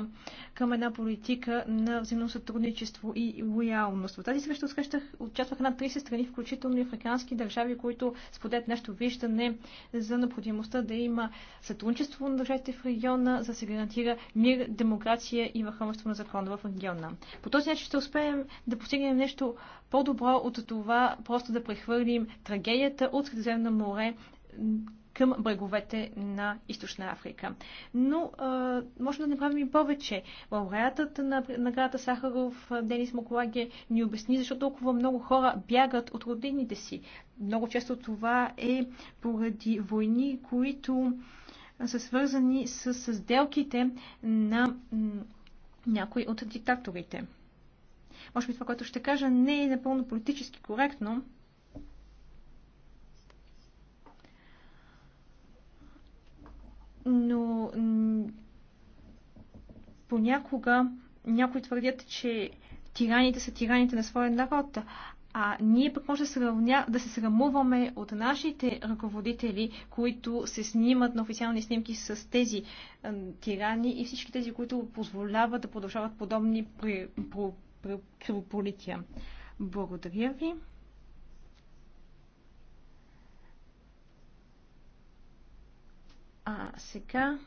S2: към, една политика на взаимно сътрудничество и лоялност. В тази среща срещах, участвах над 30 страни, включително и африкански държави, които споделят нещо виждане за необходимостта да има сътрудничество на държавите в региона, за да се гарантира мир, демокрация и върховенство на закона в региона. По този начин ще успеем да да постигнем нещо по-добро от това просто да прехвърлим трагедията от Средиземно море към бреговете на Източна Африка. Но а, може да направим и повече. Лауреатът на наградата Сахаров Денис Моколаге ни обясни защо толкова много хора бягат от родините си. Много често това е поради войни, които са свързани с сделките на някои от диктаторите. Може би това, което ще кажа, не е напълно политически коректно. Но понякога някои твърдят, че тираните са тираните на своя народ, а ние пък може да, се срамуваме от нашите ръководители, които се снимат на официални снимки с тези тирани и всички тези, които позволяват да продължават подобни при, кръвополития. Благодаря ви. А сега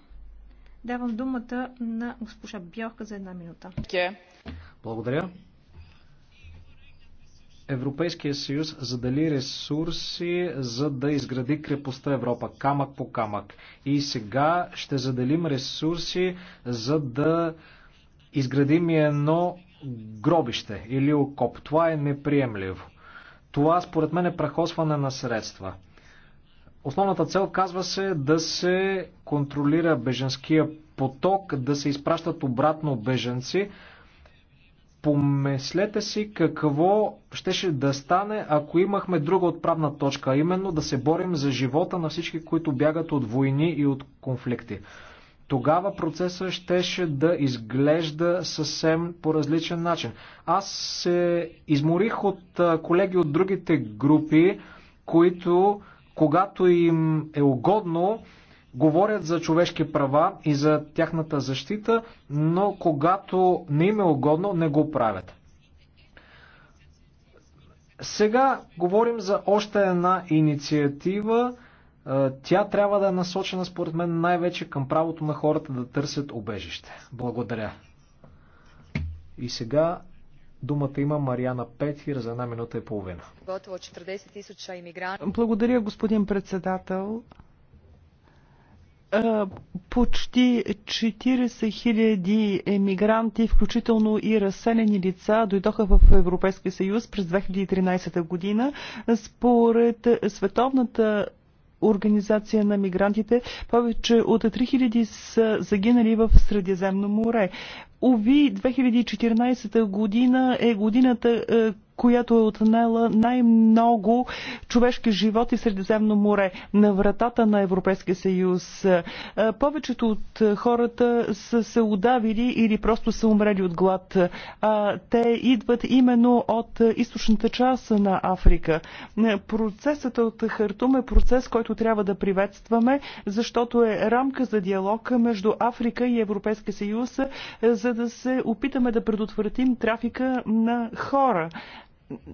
S2: давам думата на госпожа Бьорка за една минута.
S3: Благодаря. Европейския съюз задели ресурси, за да изгради крепостта Европа, камък по камък. И сега ще заделим ресурси, за да изградим едно гробище или окоп. Това е неприемливо. Това според мен е прахосване на средства. Основната цел казва се да се контролира беженския поток, да се изпращат обратно беженци. Помислете си какво щеше да стане, ако имахме друга отправна точка, именно да се борим за живота на всички, които бягат от войни и от конфликти тогава процеса щеше да изглежда съвсем по различен начин. Аз се изморих от колеги от другите групи, които, когато им е угодно, говорят за човешки права и за тяхната защита, но когато не им е угодно, не го правят. Сега говорим за още една инициатива, е, тя трябва да е насочена, според мен, най-вече към правото на хората да търсят обежище. Благодаря. И сега Думата има Мариана Петхир за една минута и половина.
S1: Благодаря, господин председател. Е, почти 40 хиляди емигранти, включително и разселени лица, дойдоха в Европейския съюз през 2013 година. Според Световната организация на мигрантите. Повече от 3000 са загинали в Средиземно море. Уви, 2014 година е годината, е, която е отнела най-много човешки животи в Средиземно море на вратата на Европейския съюз. Е, повечето от хората са се удавили или просто са умрели от глад. Е, те идват именно от източната част на Африка. Процесът от Хартум е процес, който трябва да приветстваме, защото е рамка за диалог между Африка и Европейския съюз за за да се опитаме да предотвратим трафика на хора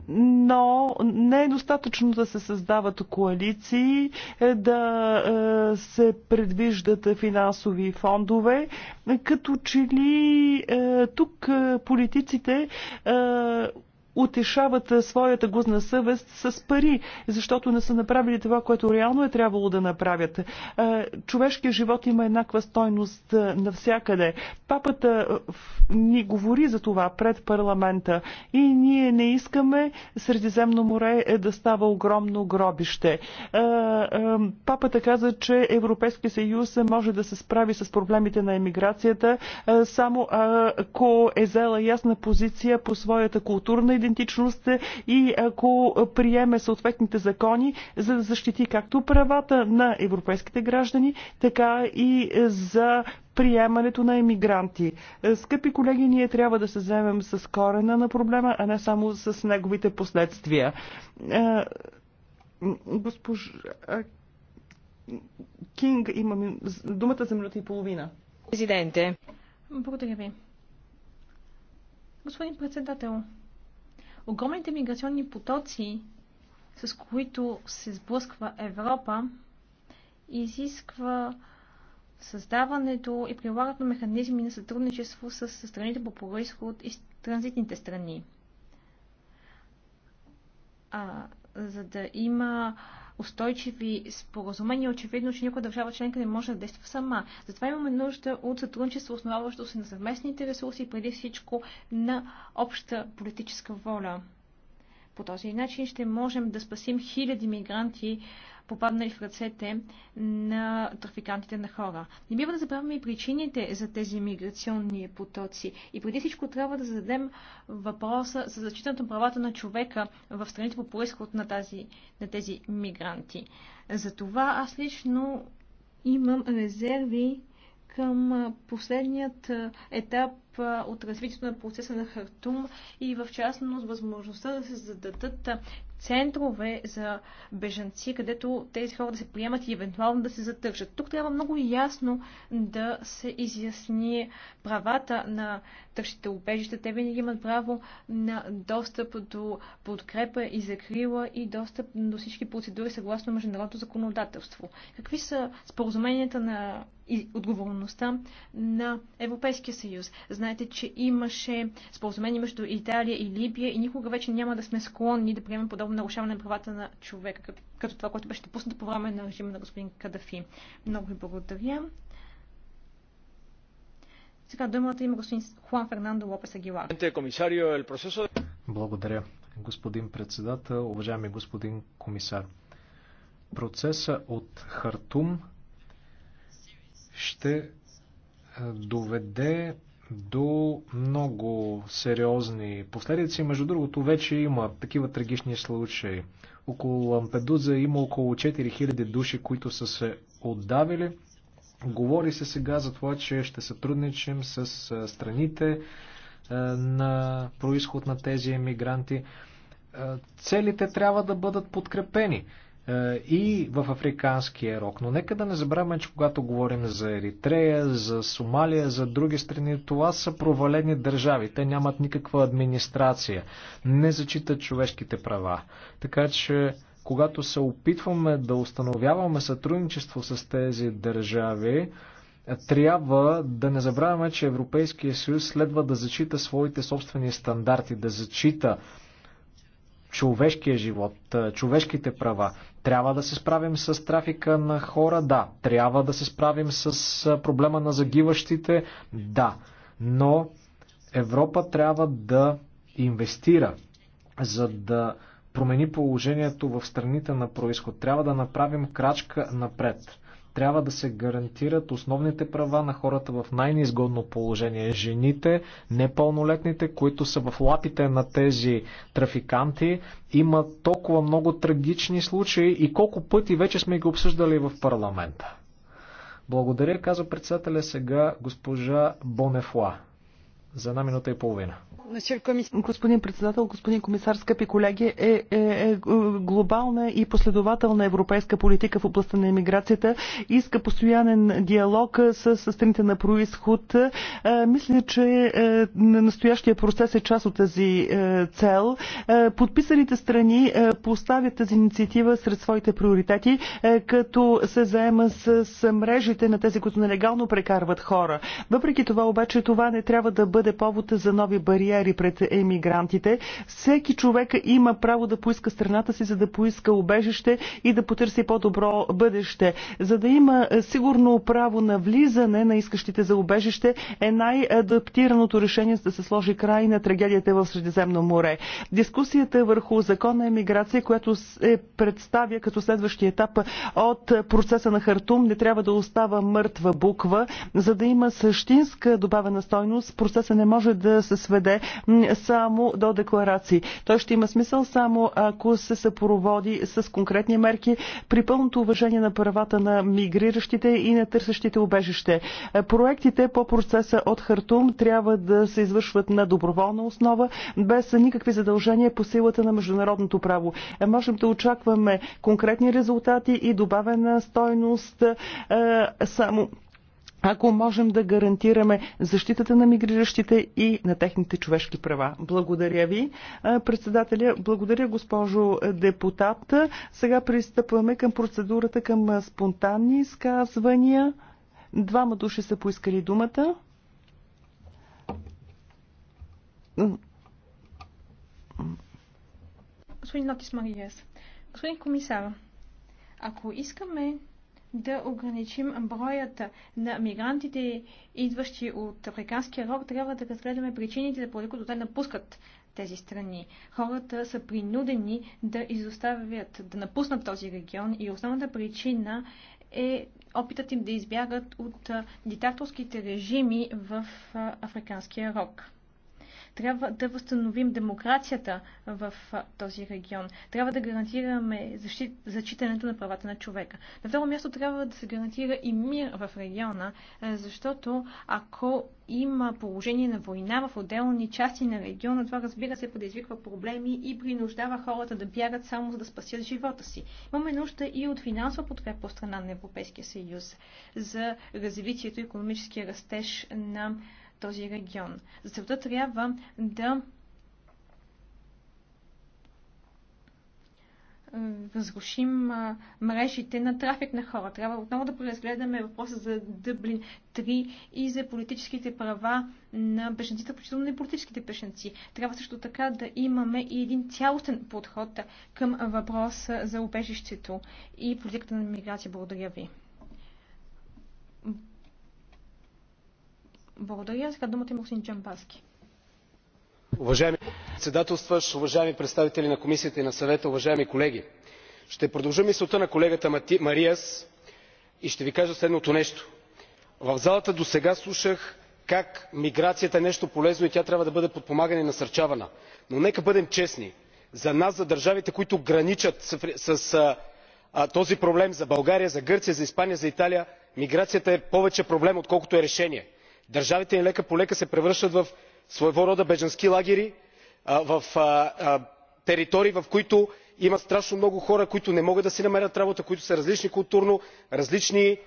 S1: но не е достатъчно да се създават коалиции, е, да е, се предвиждат финансови фондове, като че ли е, тук политиците утешават своята гузна съвест с пари, защото не са направили това, което реално е трябвало да направят. Човешкият живот има еднаква стойност навсякъде. Папата ни говори за това пред парламента и ние не искаме Средиземно море е, да става огромно гробище. Папата каза, че Европейския съюз може да се справи с проблемите на емиграцията само ако е взела ясна позиция по своята културна и идентичност и ако приеме съответните закони, за да защити както правата на европейските граждани, така и за приемането на емигранти. Скъпи колеги, ние трябва да се вземем с корена на проблема, а не само с неговите последствия. Е, Госпожа Кинг, имам думата за минута
S2: и половина. Президенте. Благодаря ви. Господин председател, огромните миграционни потоци, с които се сблъсква Европа, изисква създаването и прилагането на механизми на сътрудничество с страните по происход и транзитните страни. А, за да има устойчиви споразумения, очевидно, че никоя държава членка не може да действа сама. Затова имаме нужда от сътрудничество, основаващо се на съвместните ресурси, преди всичко на обща политическа воля. По този начин ще можем да спасим хиляди мигранти попаднали в ръцете на трафикантите на хора. Не бива да забравяме и причините за тези миграционни потоци. И преди всичко трябва да зададем въпроса за защитането на правата на човека в страните по происход на, тази, на тези мигранти. Затова аз лично имам резерви към последният етап от развитието на процеса на Хартум и в частност възможността да се зададат центрове за бежанци, където тези хора да се приемат и евентуално да се задържат. Тук трябва много ясно да се изясни правата на търсите убежища. Те винаги имат право на достъп до подкрепа и закрила и достъп до всички процедури съгласно международното законодателство. Какви са споразуменията на и отговорността на Европейския съюз. Знаете, че имаше споразумение между Италия и Либия и никога вече няма да сме склонни да приемем подобно нарушаване на правата на човека, като това, което беше допуснато по време на режима на господин Кадафи. Много ви благодаря. Сега думата има господин Хуан Фернандо Лопес Агилар.
S3: Е благодаря, господин председател, уважаеми господин комисар. Процеса от Хартум ще е, доведе до много сериозни последици. Между другото, вече има такива трагични случаи. Около Лампедуза има около 4000 души, които са се отдавили. Говори се сега за това, че ще сътрудничим с е, страните е, на происход на тези емигранти. Целите трябва да бъдат подкрепени. Е, и в африканския рок. Но нека да не забравяме, че когато говорим за Еритрея, за Сомалия, за други страни, това са провалени държави. Те нямат никаква администрация, не зачитат човешките права. Така че, когато се опитваме да установяваме сътрудничество с тези държави, трябва да не забравяме, че Европейския съюз следва да зачита своите собствени стандарти, да зачита човешкия живот, е, човешките права. Трябва да се справим с трафика на хора? Да. Трябва да се справим с проблема на загиващите? Да. Но Европа трябва да инвестира, за да промени положението в страните на происход. Трябва да направим крачка напред трябва да се гарантират основните права на хората в най-неизгодно положение. Жените, непълнолетните, които са в лапите на тези трафиканти, има толкова много трагични случаи и колко пъти вече сме ги обсъждали в парламента. Благодаря, казва председателя сега госпожа Бонефла. За една минута и половина.
S1: Господин председател, господин комисар, скъпи колеги, е, е, е глобална и последователна европейска политика в областта на иммиграцията. Иска постоянен диалог е, с, с страните на происход. Е, мисля, че е, настоящия процес е част от тази е, цел. Е, подписаните страни е, поставят тази инициатива сред своите приоритети, е, като се заема с, с мрежите на тези, които нелегално прекарват хора. Въпреки това, обаче, това не трябва да бъде повод за нови бари бариери пред емигрантите. Всеки човек има право да поиска страната си, за да поиска убежище и да потърси по-добро бъдеще. За да има е, сигурно право на влизане на искащите за убежище е най-адаптираното решение за да се сложи край на трагедията в Средиземно море. Дискусията върху закона емиграция, която се представя като следващия етап от процеса на Хартум, не трябва да остава мъртва буква. За да има същинска добавена стойност, процеса не може да се сведе се само до декларации. Той ще има смисъл само ако се съпроводи с конкретни мерки при пълното уважение на правата на мигриращите и на търсещите обежище. Проектите по процеса от Хартум трябва да се извършват на доброволна основа, без никакви задължения по силата на международното право. Можем да очакваме конкретни резултати и добавена стойност само ако можем да гарантираме защитата на мигриращите и на техните човешки права. Благодаря ви, председателя. Благодаря, госпожо депутат. Сега пристъпваме към процедурата към спонтанни изказвания. Двама души са поискали думата.
S2: Господин Нотис Магиес, господин комисар, ако искаме да ограничим броят на мигрантите, идващи от африканския рог, трябва да разгледаме причините, за поради които те напускат тези страни. Хората са принудени да изоставят, да напуснат този регион и основната причина е опитът им да избягат от диктаторските режими в африканския рог. Трябва да възстановим демокрацията в този регион. Трябва да гарантираме защит, зачитането на правата на човека. На второ място трябва да се гарантира и мир в региона, е, защото ако има положение на война в отделни части на региона, това разбира се предизвиква проблеми и принуждава хората да бягат само за да спасят живота си. Имаме нужда и от финансова подкрепа от страна на Европейския съюз за развитието и економическия растеж на този регион. За целта трябва да разрушим мрежите на трафик на хора. Трябва отново да преразгледаме въпроса за Дъблин 3 и за политическите права на бежанците, включително и политическите бежанци. Трябва също така да имаме и един цялостен подход към въпроса за убежището и политиката на миграция. Благодаря ви. Благодаря. Сега думата има господин Джамбаски.
S3: Уважаеми
S4: председателстващ, уважаеми представители на комисията и на съвета, уважаеми колеги! Ще продължа мисълта на колегата Мариас и ще ви кажа следното нещо. В залата до сега слушах как миграцията е нещо полезно и тя трябва да бъде подпомагана и насърчавана. Но нека бъдем честни. За нас, за държавите, които граничат с този проблем за България, за Гърция, за Испания, за Италия, миграцията е повече проблем, отколкото е решение държавите ни лека по лека се превръщат в своего рода бежански лагери в територии в които има страшно много хора които не могат да си намерят работа които са различни културно различни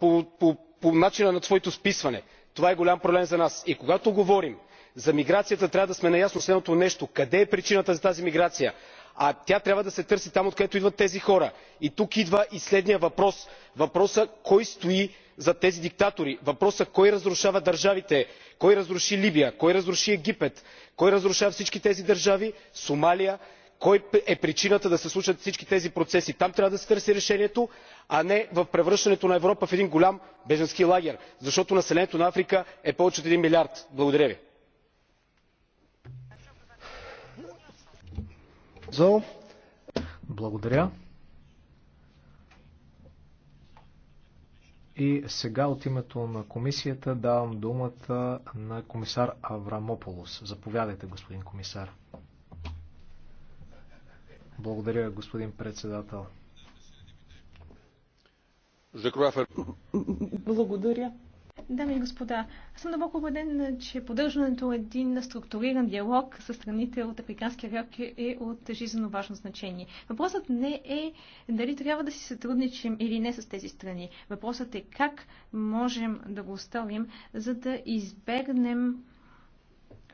S4: по начина на своето списване. това е голям проблем за нас. и когато говорим за миграцията трябва да сме наясно със следното нещо къде е причината за тази миграция? а тя трябва да се търси там откъдето идват тези хора. и тук идва и следният въпрос кой стои зад тези диктатори. въпросът е кой разрушава държавите? кой разруши либия? кой разруши египет? кой разрушава всички тези държави? сомалия? кой е причината да се случат всички тези процеси? там трябва да се търси решението а не в превръщането на европа в един голям бежански лагер защото населението на африка е повече от един милиард. благодаря ви.
S3: Благодаря. И сега от името на комисията давам думата на комисар Аврамополос. Заповядайте, господин комисар. Благодаря, господин председател.
S2: Благодаря. Дами и господа, аз съм дълбоко убеден, че поддържането на един структуриран диалог с страните от Африканския рък е от жизненно важно значение. Въпросът не е дали трябва да си сътрудничим или не с тези страни. Въпросът е как можем да го оставим, за да избегнем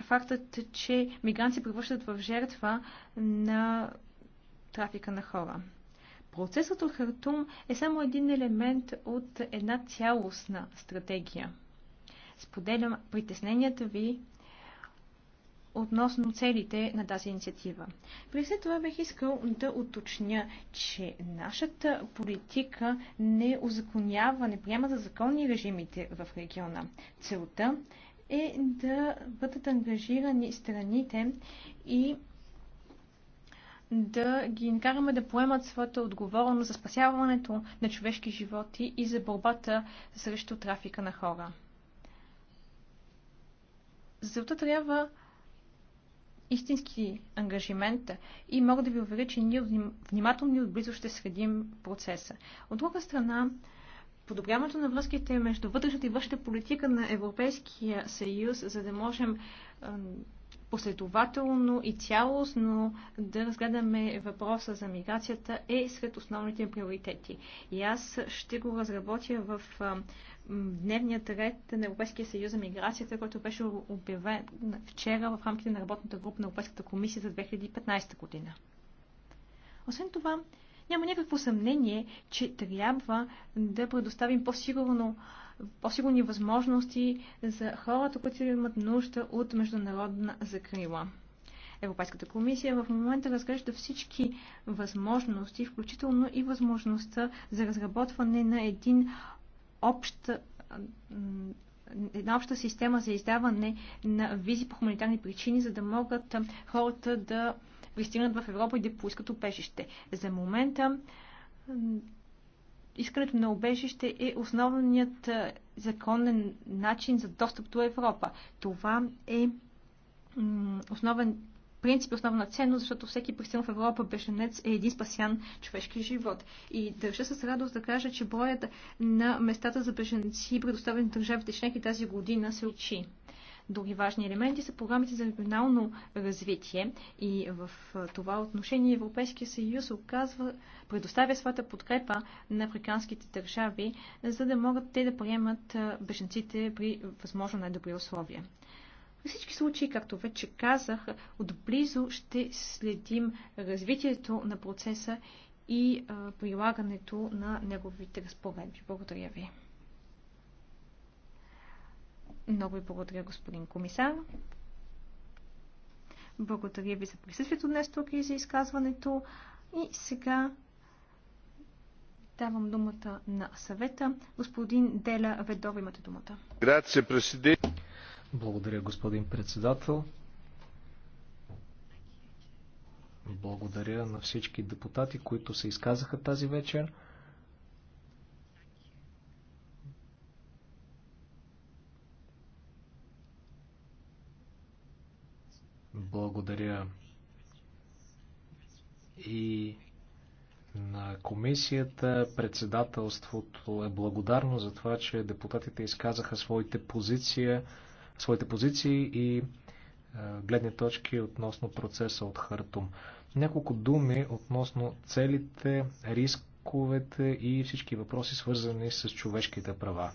S2: фактът, че мигранти превръщат в жертва на трафика на хора. Процесът от Хартум е само един елемент от една цялостна стратегия. Споделям притесненията ви относно целите на тази инициатива. При след това бих искал да уточня, че нашата политика не озаконява, не приема за законни режимите в региона. Целта е да бъдат ангажирани страните и да ги накараме да поемат своята отговорност за спасяването на човешки животи и за борбата срещу трафика на хора. Зато трябва истински ангажимент и мога да ви уверя, че ние внимателно и отблизо ще следим процеса. От друга страна, подобряването на връзките между вътрешната и външната политика на Европейския съюз, за да можем последователно и цялостно да разгледаме въпроса за миграцията е сред основните приоритети. И аз ще го разработя в дневният ред на Европейския съюз за миграцията, който беше обявен вчера в рамките на работната група на Европейската комисия за 2015 година. Освен това, няма някакво съмнение, че трябва да предоставим по-сигурно по-сигурни възможности за хората, които имат нужда от международна закрила. Европейската комисия в момента разглежда всички възможности, включително и възможността за разработване на един общ една обща система за издаване на визи по хуманитарни причини, за да могат хората да пристигнат в Европа и да поискат опешище. За момента искането на обежище е основният законен начин за достъп до Европа. Това е основен принцип, основна ценност, защото всеки пристигнал в Европа беженец е един спасян човешки живот. И държа с радост да кажа, че броят на местата за беженци, предоставени държавите членки тази година, се учи. Други важни елементи са програмите за регионално развитие и в това отношение Европейския съюз оказва, предоставя своята подкрепа на африканските държави, за да могат те да приемат беженците при възможно най-добри условия. В всички случаи, както вече казах, отблизо ще следим развитието на процеса и прилагането на неговите разпоредби. Благодаря ви. Много ви благодаря, господин комисар. Благодаря ви за присъствието днес тук и за изказването. И сега давам думата на съвета. Господин Деля Ведов, имате думата.
S3: Грация, преседи... Благодаря, господин председател. Благодаря на всички депутати, които се изказаха тази вечер. Благодаря и на комисията. Председателството е благодарно за това, че депутатите изказаха своите, позиция, своите позиции и е, гледни точки относно процеса от Хартум. Няколко думи относно целите, рисковете и всички въпроси, свързани с човешките права.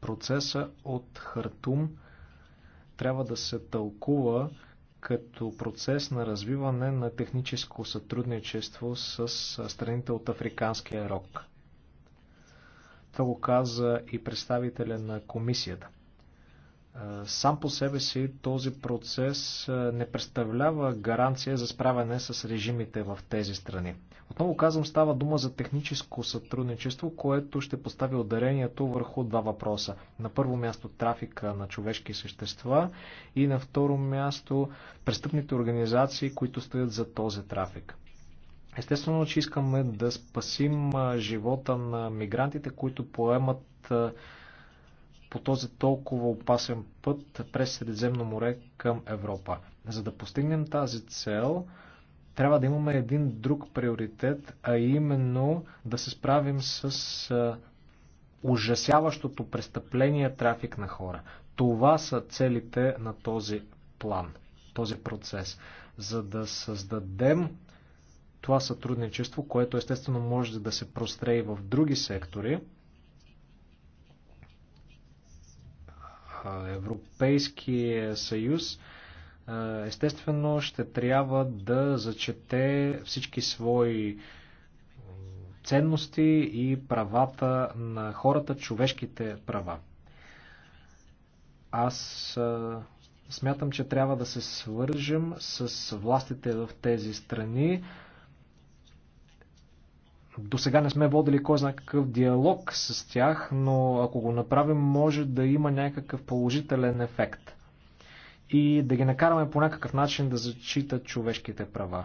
S3: Процеса от Хартум трябва да се тълкува като процес на развиване на техническо сътрудничество с страните от Африканския рок. Това го каза и представителя на комисията. Сам по себе си този процес не представлява гаранция за справяне с режимите в тези страни. Отново казвам, става дума за техническо сътрудничество, което ще постави ударението върху два въпроса. На първо място трафика на човешки същества и на второ място престъпните организации, които стоят за този трафик. Естествено, че искаме да спасим живота на мигрантите, които поемат по този толкова опасен път през Средиземно море към Европа. За да постигнем тази цел, трябва да имаме един друг приоритет, а именно да се справим с ужасяващото престъпление трафик на хора. Това са целите на този план, този процес. За да създадем това сътрудничество, което естествено може да се простре и в други сектори, Европейския съюз естествено ще трябва да зачете всички свои ценности и правата на хората, човешките права. Аз смятам, че трябва да се свържем с властите в тези страни. До сега не сме водили кой знае какъв диалог с тях, но ако го направим, може да има някакъв положителен ефект – и да ги накараме по някакъв начин да зачитат човешките права.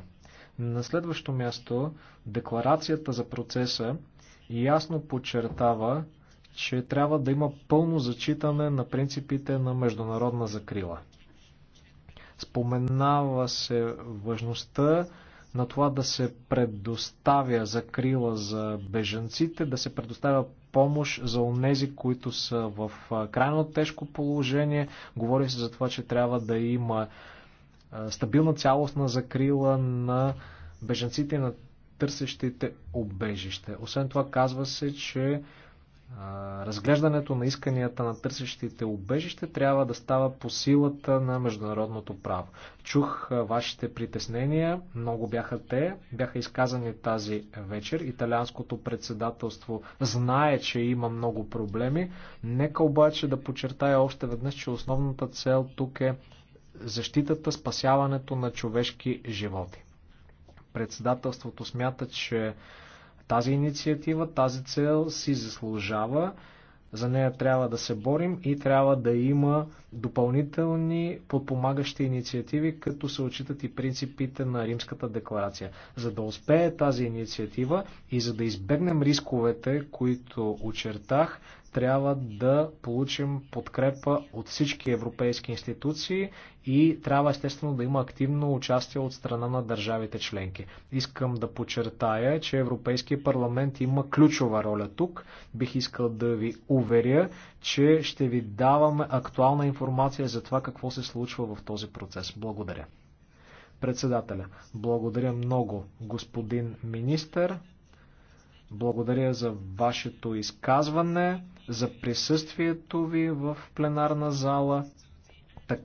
S3: На следващо място, декларацията за процеса ясно подчертава, че трябва да има пълно зачитане на принципите на международна закрила. Споменава се важността на това да се предоставя закрила за беженците, да се предоставя помощ за онези, които са в крайно тежко положение. Говори се за това, че трябва да има стабилна цялостна закрила на беженците и на търсещите обежище. Освен това казва се, че разглеждането на исканията на търсещите убежище трябва да става по силата на международното право. Чух вашите притеснения, много бяха те, бяха изказани тази вечер. Италианското председателство знае, че има много проблеми. Нека обаче да подчертая още веднъж, че основната цел тук е защитата, спасяването на човешки животи. Председателството смята, че тази инициатива, тази цел си заслужава. За нея трябва да се борим и трябва да има допълнителни подпомагащи инициативи, като се отчитат и принципите на Римската декларация. За да успее тази инициатива и за да избегнем рисковете, които очертах, трябва да получим подкрепа от всички европейски институции и трябва естествено да има активно участие от страна на държавите членки. Искам да подчертая, че Европейския парламент има ключова роля тук. Бих искал да ви уверя, че ще ви даваме актуална информация за това какво се случва в този процес. Благодаря. Председателя, благодаря много, господин министър. Благодаря за вашето изказване за присъствието ви в пленарна зала. Така